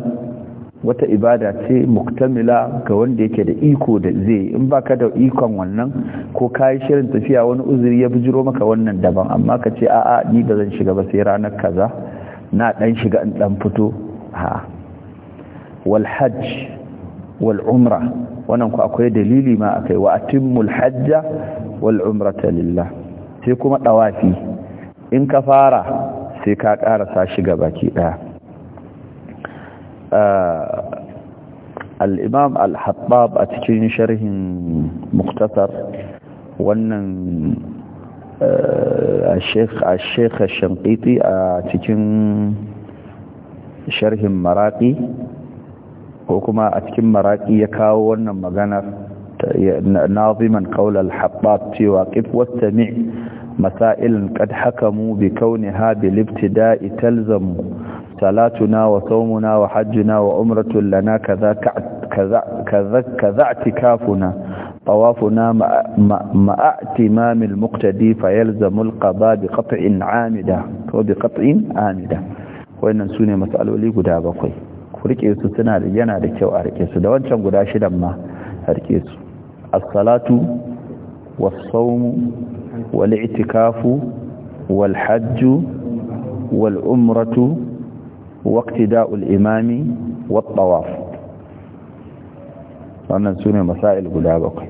wata ibada ce muktamila ga wanda yake da iko da zai in baka da ikon wannan ko kayi shirin tafiya wani uzuri ya bijiro maka wannan daban amma ka ce a'a ni ba zan shiga ba sai ranar kaza na dan shiga in dan fito ha wal hajj wal umra wannan ku akwai dalili ma akai wa atimmul hajja wal umrata lillah sai kuma dawafi in ka fara sai ka karasa shiga baki daya al’imam al-habab a cikin sharhin muktasar wannan sheikh shankiti a cikin sharhin maraƙi ko kuma a cikin maraƙi ya kawo wannan maganar naziman kawul al-habab cewa kifuwa مسائل قد حكموا بكونها بالابتداء تلزموا صلاتنا وصومنا وحجنا وعمرة لنا كذا كذا كذا كذا اعتكافنا طوافنا ما اعتمام المقتدي فيلزم القضاء بقطع عامدة وبقطع عامدة وإن نسوني مسألة لي قد أبقي فريك يسو سنال ينا ركيو أريك يسو دوان شام قد أشد أما أريك يسو الصلاة والصوم والاعتكاف والحج والعمرة والعمرة waqtida'ul imami wat wannan sune masail guda bakwai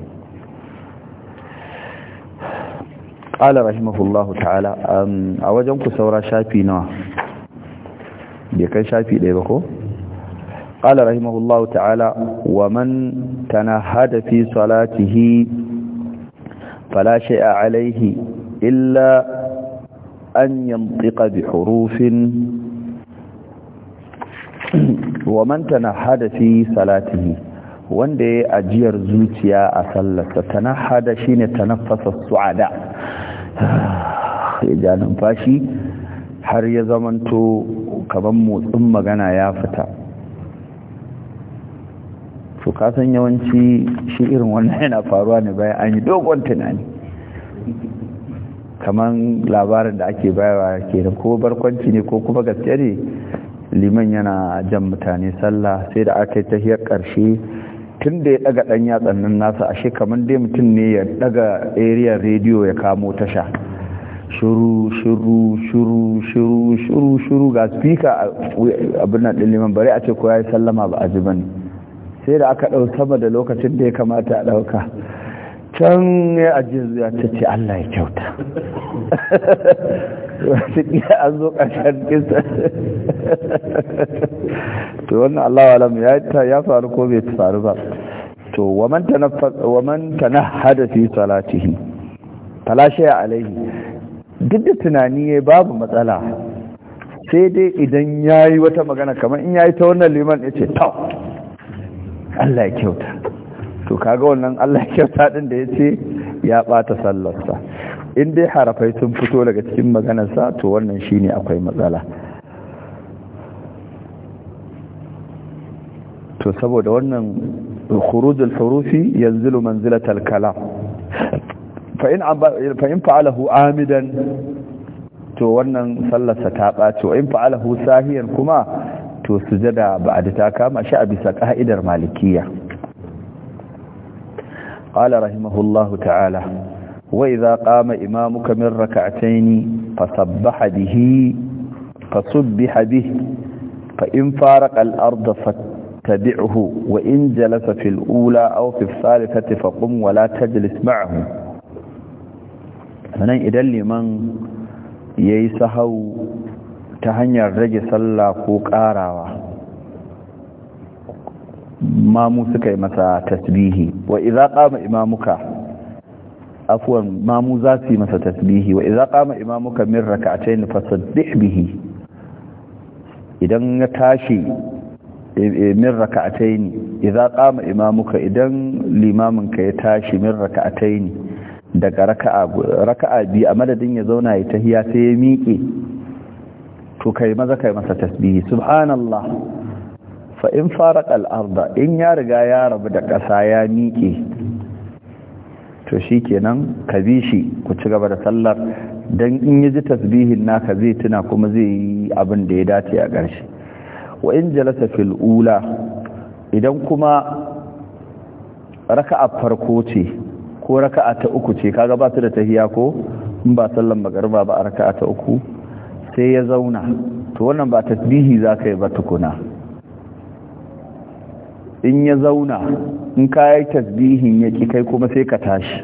qala rahimahullahu ta'ala um, a wajen ku saura shafi nawa bai kai shafi ɗaya ba ko qala rahimahullahu ta'ala wa man tanahada fi salatihi fala shay'a alayhi illa an yantiqa bi hurufin wa man tanahada fi salatihi wanda ya ajiyar zuciya a sallarsa tanahada shine tanaffasa su'ada ya ja numfashi har ya zamanto kaman motsin magana ya fita to kasan yawanci shi irin wannan yana faruwa ne bayan an yi dogon tunani kaman labarin da ake bayarwa kenan ko barkwanci ne ko kuma gaske ne liman yana jan mutane sallah sai da aka yi tahiyar ƙarshe tun da ya ɗaga ɗan yatsannin nasa ashe kamar dai mutum ne ya ɗaga area rediyo ya kamo tasha shuru shuru shuru shuru shuru shuru ga speaker a nan ɗin liman bari a ce ko ya yi sallama ba a ji bane sai da aka ɗau sama da lokacin da ya kamata a ɗauka can ya ajiye zuwa ta ce Allah ya kyauta wasu ƙiya an zo ƙarshen kisa to wannan Allah alamu ya faru ko bai faru ba to waman na hada fi salatihi talashe alaihi duk da tunani ya babu matsala sai dai idan ya yi wata magana kamar in ya yi ta wannan liman ya ce tau Allah ya kyauta to kaga wannan Allah ya kyauta din da yace ya bata sallarsa in dai harafai sun fito daga cikin maganarsa to wannan shine akwai matsala to saboda wannan khurujul hurufi yanzilu manzilatal kalam fa in fa in fa'alahu amidan to wannan sallarsa ta ɓaci wa in fa'alahu sahiyan kuma to sujada ba'da ta kama shi a bisa ka'idar malikiyya قال رحمه الله تعالى وإذا قام إمامك من ركعتين فسبح به فسبح به فإن فارق الأرض فاتبعه وإن جلس في الأولى أو في الثالثة فقم ولا تجلس معه sannan إذن لمن ييسهو تهني sahau ta قوك آراوه mamu suka yi masa tasbihi wa idza qama imamuka afwan mamu za su yi masa tasbihi wa idza qama imamuka min rak'atayn fasaddih bihi idan ya tashi e, e, min rak'atayn idza qama imamuka idan limamin ka ya tashi min rak'atayn daga raka'a raka'a bi a madadin ya zauna ya tahiya sai ya miƙe to kai maza kai masa tasbihi subhanallah fa in fara al'arda in ya riga ya rabu da ƙasa ya miƙe to shi kenan ka bi shi ku ci gaba da sallar don in yi ji tasbihin naka zai tuna kuma zai yi abin da ya dace a ƙarshe wa in jalasa fil'ula idan kuma raka'a farko ce ko raka'a ta uku ce ka ba su da tahiya ko in ba sallan magarba ba a raka'a ta uku sai ya zauna to wannan ba tasbihi za ka yi ba tukuna in ya zauna in kayi tasbihin ya ki kai kuma sai ka tashi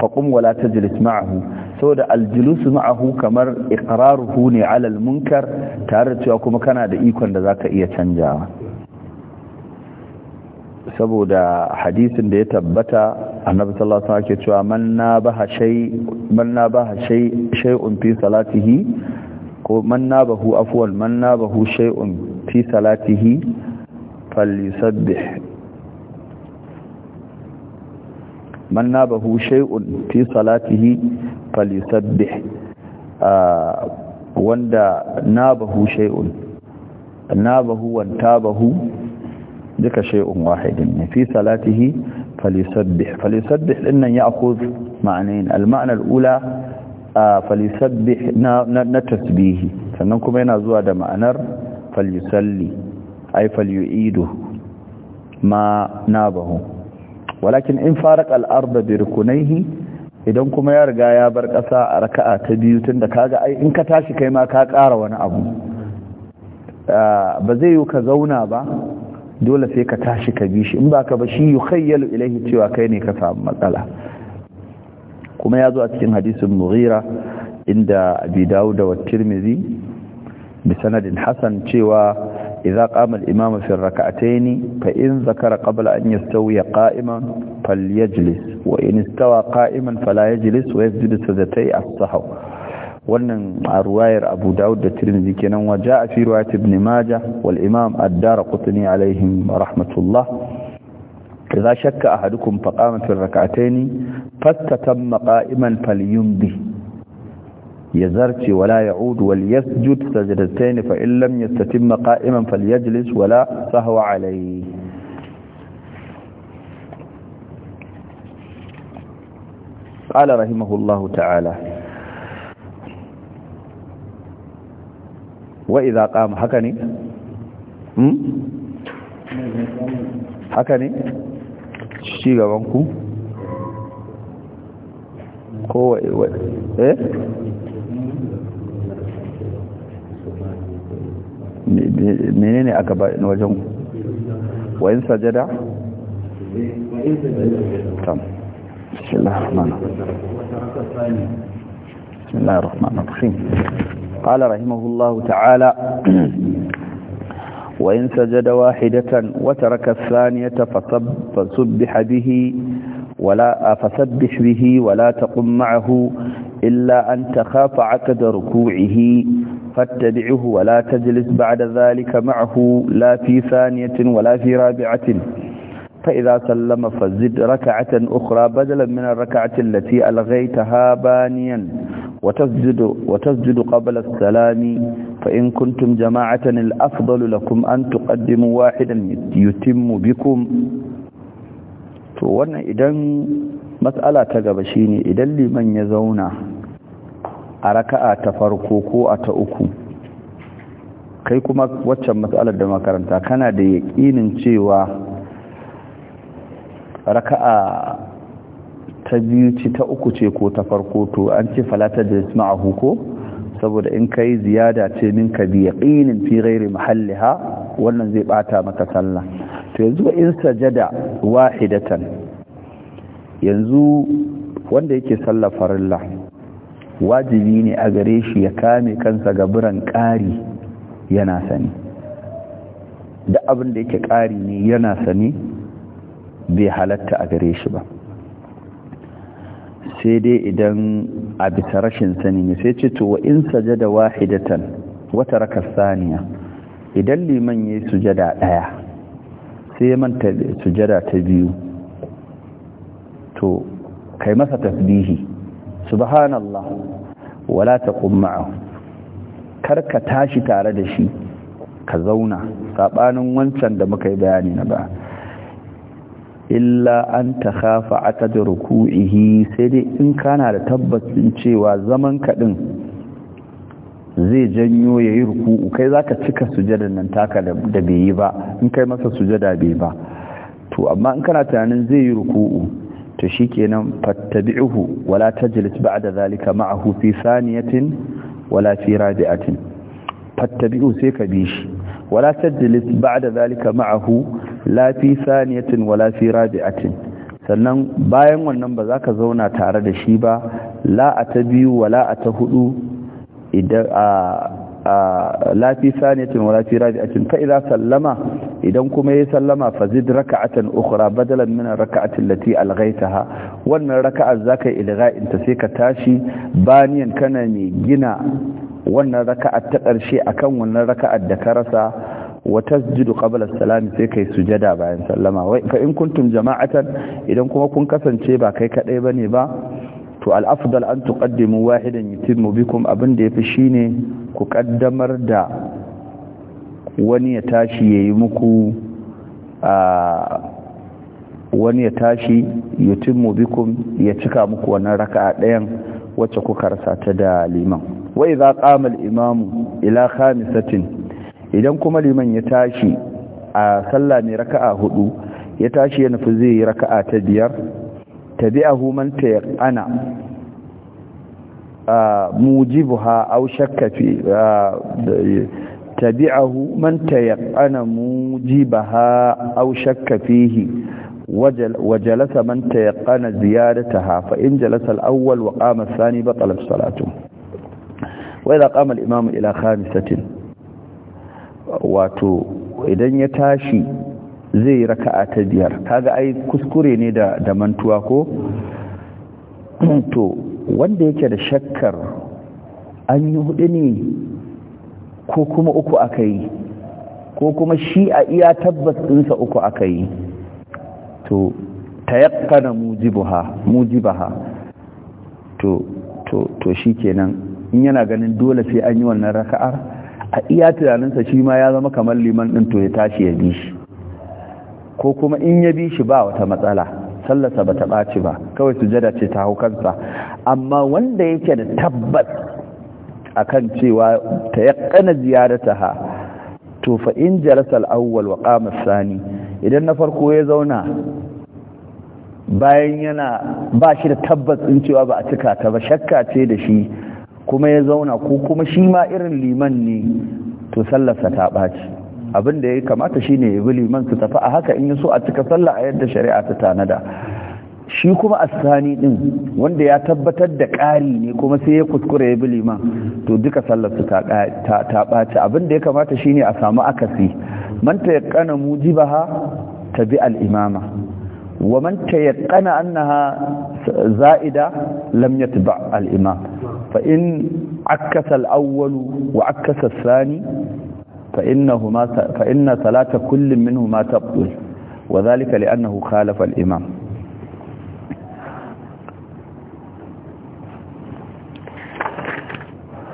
faqum wala tajlis ma'ahu saboda aljulusu ma'ahu kamar iqraruhu ne ala almunkar tare da cewa kuma kana da ikon da zaka iya canjawa saboda hadisin da ya tabbata annabi sallallahu alaihi wasallam cewa man ba shay man ba shay shay'un fi salatihi ko man na hu afwan man na hu shay'un fi salatihi فليسبح من نابه شيء في صلاته فليسبح wanda آه، نابه شيء نابه وانتابه tabahu شيء واحد في صلاته فليسبح فليسبح لأن يأخذ معنين المعنى الأولى آه، فليسبح نتسبيه فننكم هنا زوى معنى فليسلي ay falyu'idu ma nabahu walakin in farqa al-ardh bi rukunayhi idan kuma ya riga ya bar kasa a raka'a ta biyu tunda kaga ai in ka tashi kai ma ka ƙara wani abu ba zai yi ka zauna ba dole sai ka tashi ka bi shi in ba ka ba shi yukhayyalu ilayhi cewa kai ne ka samu matsala kuma ya zo a cikin hadisin mughira inda abi dawud wa tirmidhi bi sanadin hasan cewa إذا قام الإمام في الركعتين فإن ذكر قبل أن يستوي قائما فليجلس وإن استوى قائما فلا يجلس ويسجد سجدتي الصحو ونن رواية أبو داود الترمذي كان وجاء في رواية ابن ماجه والإمام الدار قطني عليهم رحمة الله إذا شك أحدكم فقام في الركعتين فاستتم قائما فليمضي ya zarce wala ya'udu wal yasjud sajdatayn fa in lam yastatimma qa'iman falyajlis wala sahwa alayhi قال رحمه الله تعالى وإذا قام حكني حكني شي غبانكو ko eh menene a gaba wajen wa in sajada tam بسم الله الرحمن الرحيم قال رحمه الله تعالى وإن سجد واحدة وترك الثانية فسبح به ولا فسبح به ولا تقم معه إلا أن تخاف عقد ركوعه فاتبعه ولا تجلس بعد ذلك معه لا في ثانية ولا في رابعة فإذا سلم فزد ركعة أخرى بدلا من الركعة التي ألغيتها بانيا وتسجد, وتسجد قبل السلام فإن كنتم جماعة الأفضل لكم أن تقدموا واحدا يتم بكم to wannan idan matsala ta gaba shine a raka'a ta farko ko a ta uku kai kuma waccan matsalar da makaranta kana da yaƙinin cewa raka'a ta biyu ce ta uku ce ko ta farko to an ce falata da ma'ahu ko saboda in kai ziyada ce minka bi yaqinin fi muhalli ha, wannan zai bata maka sallah to yanzu in sajada wahidatan yanzu wanda yake sallar farilla wajibi ne a gare shi ya kame kansa ga biran ƙari yana sani da abin da yake ƙari ne yana sani bai halatta a gare shi ba sai dai idan a bita rashin sani ne sai ce to wa in sajada wahidatan wata rakar saniya idan liman ya sujada ɗaya sai ya manta sujada ta biyu to kai masa tasbihi subhanallah wala taqum ma'ahu karka tashi tare da shi ka zauna sabanin wancan da muka yi bayani na ba illa an ta atad ruku'ihi sai dai in kana da tabbacin cewa zaman kaɗin zai janyo yayi ruku'u kai zaka cika sujadar nan taka da bai yi ba in kai masa sujada bai ba to amma in kana tunanin zai yi ruku'u to shikenan fattabi'uhu wala tajlis ba'da zalika ma'ahu fi saniyatin wala fi rabi'atin fattabi'u sai ka bi shi wala tajlis ba'da zalika ma'ahu la fi saniyatin wala fi rabi'atin sannan bayan wannan ba za ka zauna tare da shi ba la a ta biyu wala a ta hudu a la fi saniyatin wala fi rabi'atin fa idza sallama idan kuma ya sallama fazid raka'atan ukhra badalan min raka'ati allati alghaytaha wannan raka'ar zaka ilgha'in ta sai ka tashi baniyan kana ne gina wannan raka'ar ta karshe akan wannan raka'ar da ka rasa wa tasjudu qabla salami sai kai sujada bayan sallama fa in kuntum jama'atan idan kuma kun kasance ba kai kadai bane ba to al'afdal an tuqaddimu wahidan yutimmu bikum abin da yafi shine ku kaddamar da wani ya tashi ya yi muku wani ya tashi mubikun ya cika muku wannan raka'a ɗayan wacce kuka rasa ta da liman wa za a al ila khamisatin idan kuma liman ya tashi a sallah mai raka'a hudu ya tashi ya nufi zai yi raka'a ta biyar Ta a bi ƙana mu ji buha au shakka fi tabi'ahu man tayaqqana mujibaha aw shakka fihi wa jalasa man tayaqqana ziyadataha fa in jalasa al wa qama ath-thani batalat salatuhu wa idha qama al-imam ila khamisatin wa to idan ya tashi zai yi raka'a ta biyar ka kaga ai kuskure ne da da mantuwa ko to wanda yake da shakkar an yi hudu ne ko kuma uku aka yi ko kuma shi a iya tabbas ɗinsa uku aka yi to ta yakkana mujibaha to to to shi kenan in yana ganin dole sai an yi wannan raka'ar a iya tunaninsa shi ma ya zama kamar liman ɗin to ya tashi ya bi shi ko kuma in ya bi shi ba wata matsala sallasa ba ta ɓaci ba kawai sujada ce ta hau kansa amma wanda yake da tabbas akan cewa ta ziyarata ha to fa in awwal wa qama sani idan na farko ya zauna bayan yana ba shi da tabbas cewa ba a cika ta ba shakka ce da shi kuma ya zauna ko kuma shi ma irin liman ne to sallarsa ta ɓaci abin da ya kamata shine ya bi liman su tafi a haka in ya so a cika sallah a yadda shari'a ta tanada shi kuma asani din wanda ya tabbatar da ƙari ne kuma sai ya kuskure ya bi liman to duka sallarsu ta ɓaci abin da ya kamata shine a samu akasi man ta yaƙana mujibaha ta bi al'imama wa man ta yaƙana annaha za'ida lam yatba al'imam fa in akkasa al'awwalu wa akkasa sani fa inna salata kullum minhuma tabtul wa zalika li'annahu khalafa al-imam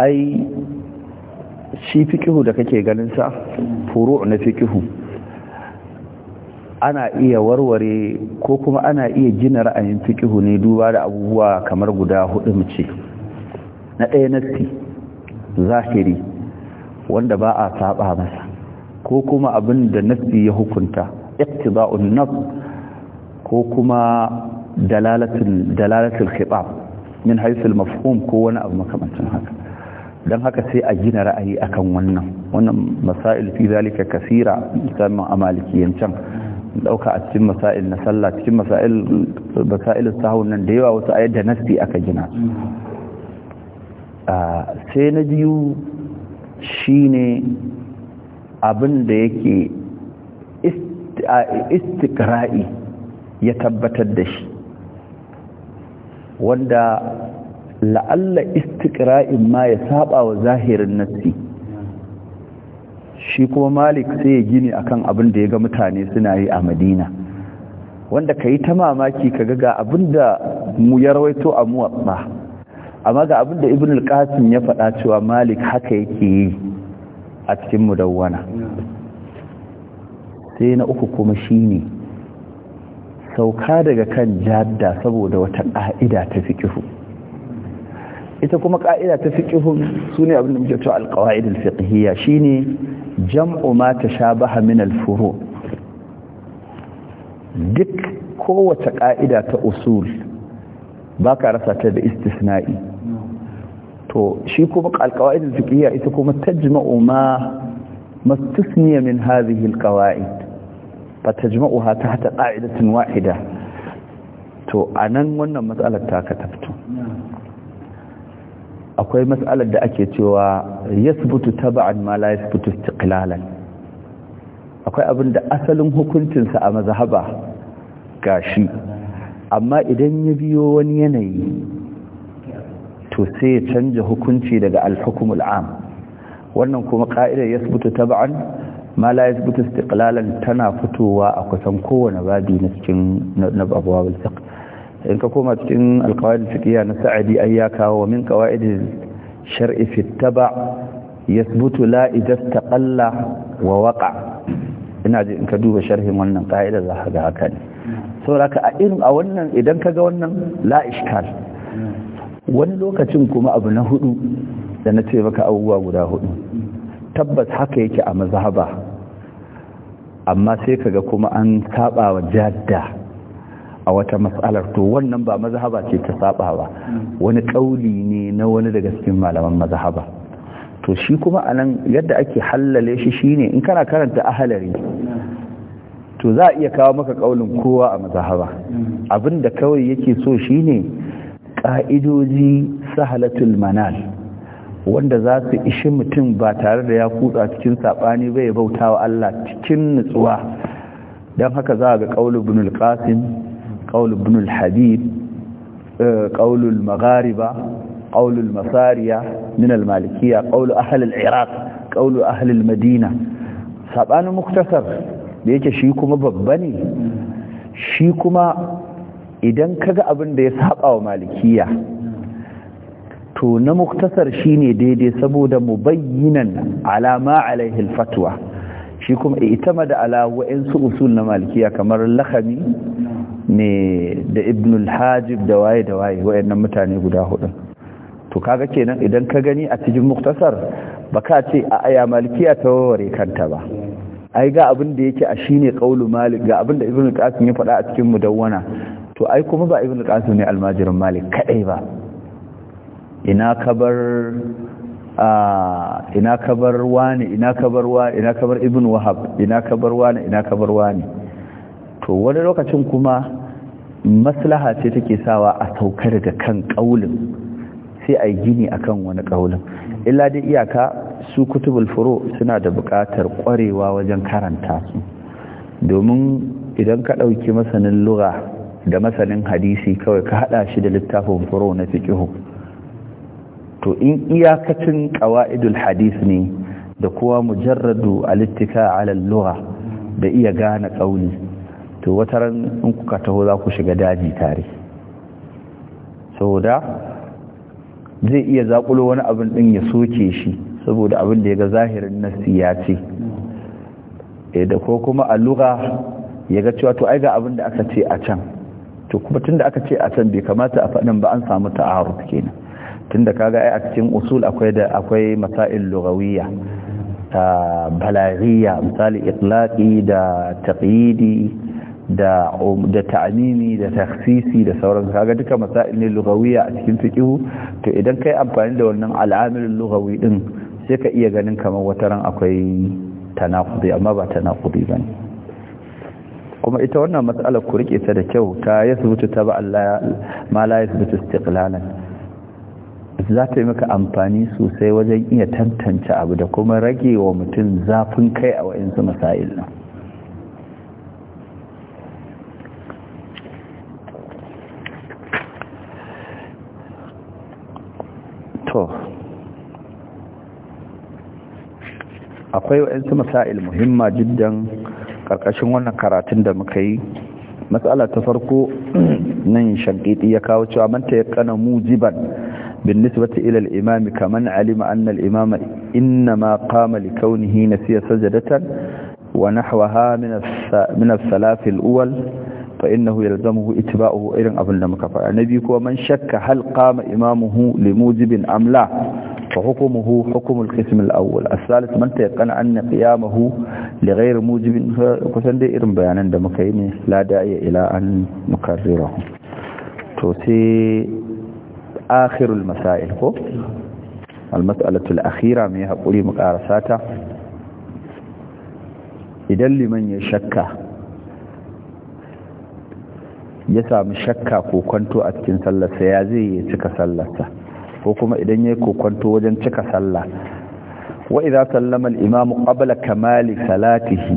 ai shi fikihu da kake ganin sa furu na fikihu ana iya warware ko kuma ana iya gina ra'ayin fikihu ne duba da abubuwa kamar guda hudu mace na ɗaya nasti zahiri wanda ba a saba masa ko kuma abin da nasti ya hukunta iktiba'un nas. ko kuma dalalatul khitab min haythu al-mafhum ko wani abu makamancin haka don haka sai a gina ra'ayi akan wannan wannan masail fi zalika kasira musamman a malikiyancan dauka a cikin masail na sallah cikin masail masail sahun nan da yawa wasu ayat da nasti aka gina sai na biyu shine abin da yake istikra'i ya tabbatar da shi wanda la'alla istiqra'in ma ya saba wa zahirin nassi shi kuma malik sai ya gini akan abin da ya ga mutane suna yi a madina wanda ka yi ta mamaki ka ga abin da mu ya rawaito a muwabba amma ga abin da ibn al-qasim ya faɗa cewa malik haka yake yi a cikin mudawwana sai na uku kuma shine sauka daga kan jadda saboda wata ƙa'ida ta fikihu ita kuma ka'ida ta fiqhun sune abin da muke cewa al-qawaid al-fiqhiyya shine jam'u ma tashabaha min al-furu' duk kowace ka'ida ta usul baka rasa ta da istisna'i to shi kuma al-qawaid al-fiqhiyya ita kuma tajma'u ma mastasniya min hadhihi al-qawaid fatajma'uha tahta qa'idatin wahida to anan wannan matsalar ta ka tafto akwai matsalar da ake cewa yasbutu taba'an ma la yasbutu istiqlalan akwai abin da asalin hukuncinsa a mazhaba shi. amma idan ya biyo wani yanayi to sai ya canja hukunci daga alhukum al'am. wannan kuma ka'idar yasbutu taba'an ma la yasbutu istiqlalan tana fitowa a kusan kowane babi na cikin na abwabul in ka koma cikin alkawarin fiqiyya na sa'adi ay ya kawo min qawaidil shar'i fi taba ya la idza taqalla wa waqa ina ji in ka duba sharhin wannan ka'ida za ka ga haka ne saboda a irin a wannan idan ka ga wannan la wani lokacin kuma abu na hudu da na ce maka abubuwa guda hudu tabbas haka yake a mazhaba amma sai kaga kuma an saba wa jadda a wata matsalar to wannan ba mazhaba ce ta saba ba wani kauli ne na wani daga cikin malaman mazahaba to shi kuma anan yadda ake hallale shi shine in kana karanta ahalari to za a iya kawo maka kaulin kowa a mazhaba abinda kawai yake so shine ka'idoji sahalatul manal wanda za su ishi mutum ba tare da ya kutsa cikin sabani bai wa Allah cikin nutsuwa don haka za a ga kaulin ibn al-qasim قول ابن الحبيب قول المغاربة قول المسارية من المالكية قول أهل العراق قول أهل المدينة سبان مختصر ليك شيكما ببني شيكما idan kaga abin da ya saba wa malikiya to na muktasar shine daidai saboda mubayyinan alama alaihi alfatwa shi kuma itamada ala wa'insu usul na malikiya kamar lakami. ne da ibn al-hajib da waye da waye wayannan mutane guda hudu to kaga kenan idan ka gani a cikin muktasar baka ce a aya malikiya ta ware kanta ba ai ga abin da yake a shine qaulu malik ga abin da ibn al-qasim ya faɗa a cikin mudawwana to ai kuma ba ibn al-qasim ne almajirin malik kadai ba ina kabar a ina kabar wani ina kabar wa ina kabar ibn wahab ina kabar wani ina kabar wani to wani lokacin kuma maslaha ce take sawa a saukar da kan ƙaulin sai a gini a kan wani kaulin illa dai iyaka su kutubul furo suna da buƙatar ƙwarewa wajen karanta su domin idan ka ɗauki masanin lura da masanin hadisi kawai ka haɗa shi da littafin furo na fiƙihu to in iyakacin ƙawa'idul hadis ne da kuwa mujarradu a littika alal lura da iya gane ƙauli to wata ran in kuka taho za ku shiga daji tare saboda zai iya zakulo wani abin din ya soke shi saboda abin da ya ga zahirin nasi ya ce eh, da ko kuma a lura ya ga cewa to ai ga abin da aka ce a can to kuma tunda aka ce a can bai kamata a faɗin ba an samu ta'aruf kenan tunda kaga ai a cikin usul akwai da akwai masail lugawiyya ta balaghiyya misali itlaqi da taqyidi da da ta'mimi da takhsisi da sauran kaga duka masail ne lugawiyya a cikin fiqhu to idan kai amfani da wannan al'amil lugawi din sai ka iya ganin kamar wata ran akwai tanaqudi amma ba tanaqudi bane kuma ita wannan matsalar ku rike ta da kyau ta yasbutu ba Allah ma la yasbutu istiqlalan za ta yi maka amfani sosai wajen iya tantance abu da kuma rage wa mutum zafin kai a wa'insu masail nan to akwai waɗansu masail muhimma jiddan karkashin wannan karatun da muka yi matsala ta farko *clears throat* nan shankiti ya kawo cewa manta ya kana mujiban bin nisbati ila al-imam kaman alima annal al-imam ma kama li na nasiya sajdatan wa nahwaha min as-salaf al uwal. fa innahu yalzamuhu ittiba'uhu irin abin da muka fara nabi kuma man shakka hal qama imamuhu li mujibin amla fa hukmuhu hukm al qism al awwal as-salis man taqana anna qiyamahu li mujibin kusan dai irin bayanan da muka yi ne la da'iya ila an mukarrirahu to sai akhirul masail ko al-mas'alatu al-akhira mai hakuri mu sata idan liman ya shakka ya samu shakka ko kwanto a cikin sallarsa ya zai ya cika sallarsa ko kuma idan ya yi kokwanto wajen cika sallah wa idza sallama al-imam qabla kamali salatihi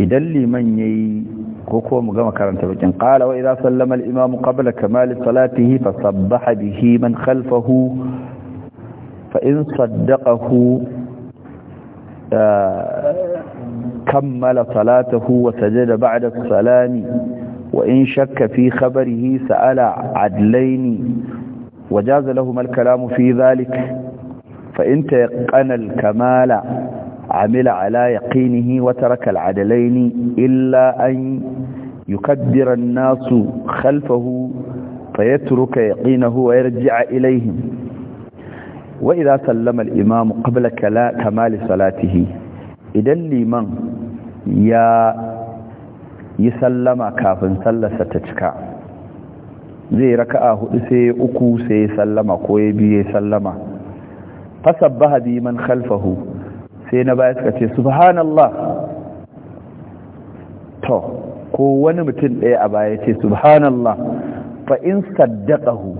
idan liman yayi ko ko mu gama karanta bakin qala wa idza sallama al-imam qabla kamali salatihi sabbaha bihi man khalfahu fa in saddaqahu كمل صلاته وسجد بعد السلام وإن شك في خبره سأل عدلين وجاز لهما الكلام في ذلك فإن تيقن الكمال عمل على يقينه وترك العدلين إلا أن يكدر الناس خلفه فيترك يقينه ويرجع إليهم وإذا سلم الإمام قبل كمال صلاته إذا لمن؟ ya yi sallama kafin sallarsa ta cika zai raka'a hudu sai uku sai ya sallama ko ya biye sallama fasabbaha bi man khalfahu sai na baya suka ce subhanallah to ko wani mutum ɗaya a baya ce subhanallah fa in saddaqahu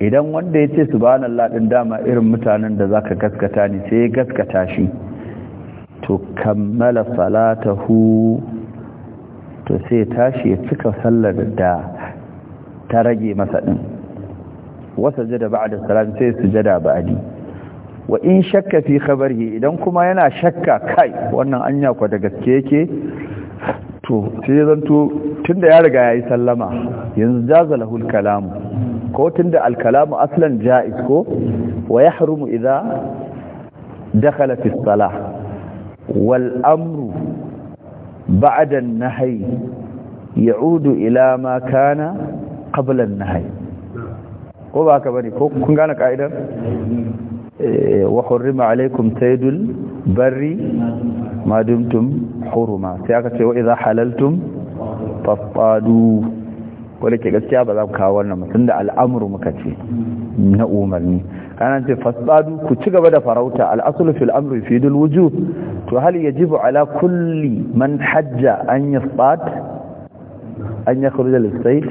idan wanda ya ce subhanallah ɗin dama irin mutanen da zaka gaskata ne sai ya gaskata shi to kammala salatahu to sai tashi ya cika sallar da ta rage masa din wasa jada ba'da salam sai sujada ba'di wa in shakka fi khabarihi idan kuma yana shakka kai wannan anya ko da gaske yake to sai zan to tunda ya riga yayi sallama yanzu al-kalam ko tunda al kalam aslan jaiz ko wa yahrumu idha dakhala fi salah wal amru ba'da an-nahy ya'udu ila ma kana qabla ko ba ka bane ko kun gane ka'idar eh, wa hurrima alaykum saydul barri ma dumtum huruma sai aka ce wa halaltum fattadu ko da ke gaskiya ba za ku kawo wannan mutum da al'amuru muka ce na umarni ana ce fasadu ku ci gaba da farauta al'asulu fil amri fi dul wujub to hal yajibu ala kulli man hajja an yasbat an yakhruj al sayf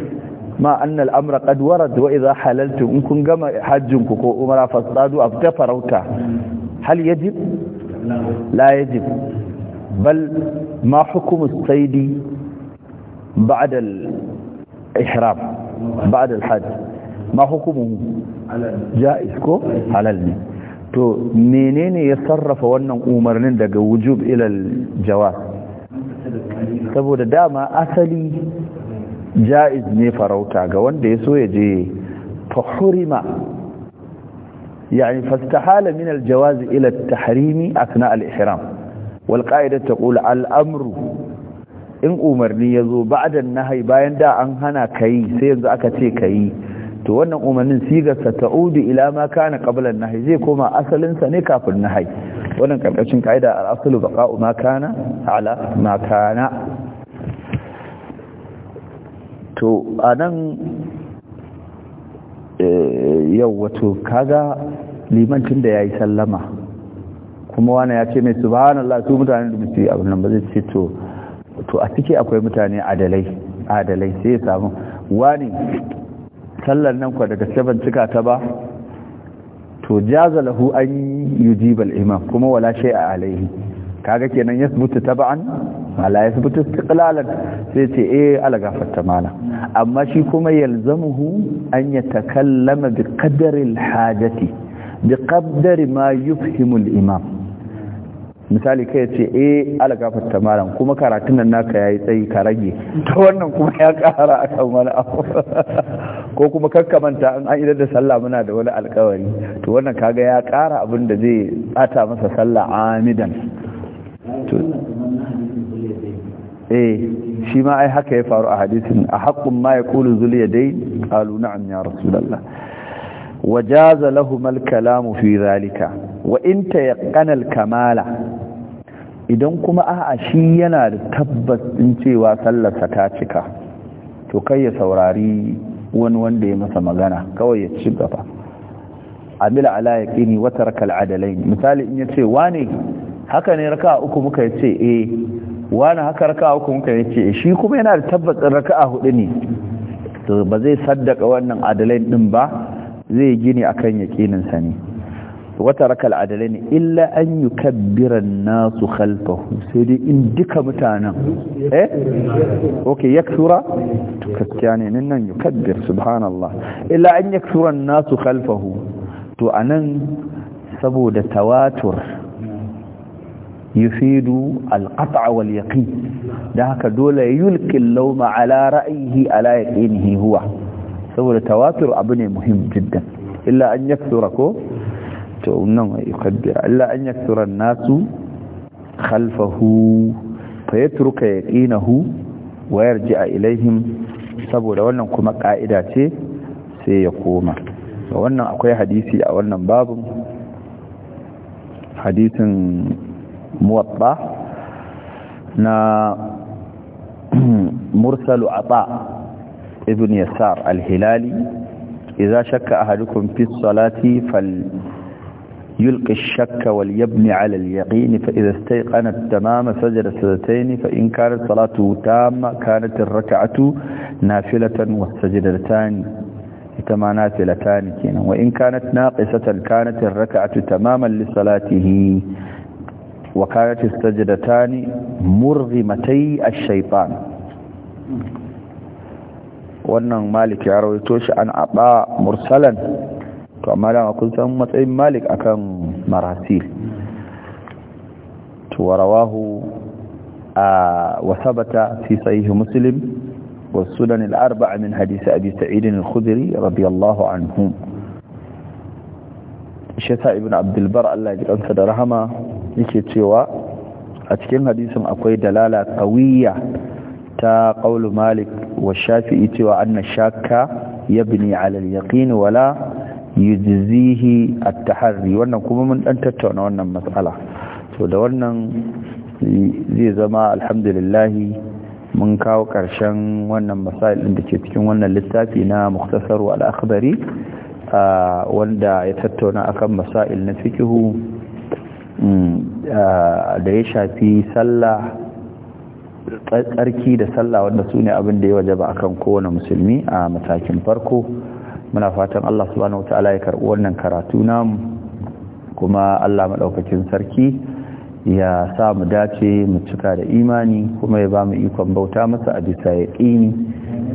ma anna al amra qad warad wa idha halaltum in kun gama hajjin ku ko umara fasadu afta farauta hal yajib la yajib bal ma hukumu as-sayd ba'da al ihram ba'da al hajj ma hukumu Jais ko halal ne to menene ya sarrafa wannan umarnin daga wujub ilal jawaz saboda dama asali ja'iz ne farauta ga wanda ya so ya je fahurima يعني jawazi من الجواز إلى na أثناء الإحرام والقاعدة kula al'amru. in umarni ya zo ba'dan nahai bayan da an hana kai sai yanzu aka ce kai to wannan umarnin sigarsa ta'udu ila ma kana qabla an zai koma asalinsa ne kafin nahy wannan karkashin kaida al-aslu baqa'u ma kana ala ma kana to anan eh, yau wato kaga liman tun da yayi sallama kuma wani ya ce mai subhanallah su mutane da musu abin nan ba zai ce to a ciki akwai mutane adalai adalai sai ya samu wani sallar nan kwa daga ban cika ta ba to jaza lahu an yujiba al-imam kuma wala shai shay'a alayhi kaga kenan yasbutu tab'an wala yasbutu istiqlalan sai ce eh ala gafarta mala amma shi kuma yalzamuhu an yatakallama bi qadri al-hajati bi qadri ma yufhimu al-imam misali kai ce eh alagafar tamaran kuma karatun nan naka yayi tsayi ka rage ta wannan kuma ya kara a kan wani abu *laughs* ko kuma kakkamanta an an idar da sallah muna da wani alkawari to wannan kaga ya kara abin da zai bata masa sallah amidan to eh shi ma ai haka ya faru a hadisin a haƙƙun ma yaqulu zuliya dai qalu na'am ya rasulullah al-kalamu fi zalika wa in وإن تيقن kamala. idan kuma a'a shi yana da tabbas cewa sallarsa ta cika to kai ya saurari wani wanda ya masa magana kawai ya ci gaba amila ala ya kini wata al-adalain misali in ya ce, wane haka ne raka'a uku muka yace eh wane haka raka'a uku muka yace eh, shi kuma yana da tabbas a hudu ne to ba zai saddaka wannan adalain din ba zai gini akan yakininsa ne wata rakal adalai ne illa an yi kabbiran nasu khalfahu sai dai in duka mutanen eh ok ya kura tukaskiya ne nan yi subhanallah illa an yi kuran nasu khalfahu to anan saboda tawatur yi fidu al'ata'awar yaƙi da haka dole yulkin lauma ala ra'ayi ala yaƙi hihuwa. saboda tawatur abu ne muhim jiddan illa an yi ko to nan wa yukabbir illa an yaktura nasu khalfahu fayatruka yaqinahu wa yarji'a ilaihim saboda wannan kuma ka'ida ce sai ya koma wannan akwai hadisi a wannan babin hadisin muwatta na *clears throat* mursalu ata ibn yasar al-hilali idza shakka ahadukum fi salati fal يلقي الشك وليبني على اليقين فإذا استيقن التمام سجد السجدتين فإن كانت صلاته تامة كانت الركعة نافلة والسجدتان كما نافلتان وإن كانت ناقصة كانت الركعة تماما لصلاته وكانت السجدتان مرغمتي الشيطان وأن مالك ya توش عن an مرسلا to amma kun san matsayin malik akan marasil to rawahu a wasabata fi sahih muslim wa sunan al-arba'a min hadis abi sa'id al-khudri radiyallahu anhu shata ibn abd al-bar Allah ya kansa da rahama yake cewa a cikin hadisin akwai dalala kawiya ta qaul malik wa shafi'i cewa anna shakka yabni ala al-yaqin wa yujzihi at-tahri wannan kuma mun dan tattauna wannan matsala to da wannan zai zama alhamdulillah mun kawo karshen wannan masail da ke cikin wannan littafi na mukhtasar wal akhbari wanda ya tattauna akan masail na fiqhu mm, da ya shafi sallah tsarki da sallah wanda sune ne abin da ya wajaba akan kowane musulmi a matakin farko muna fatan Allah subhanahu wataala ya karɓi wannan karatu namu kuma Allah maɗaukakin sarki ya sa mu dace mu cika da imani kuma ya ba mu ikon bauta masa a bisa ya ƙini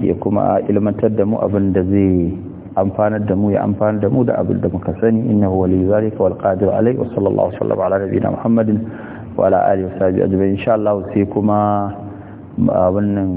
ya kuma ilmantar da mu abin da zai amfanar da mu ya amfanar da mu da abin da muka sani innahu wali zalika wal qadir alai wa sallallahu wa sallam ala nabiyina muhammadin wa ala alihi wa sahbihi ajma'in insha Allah sai kuma wannan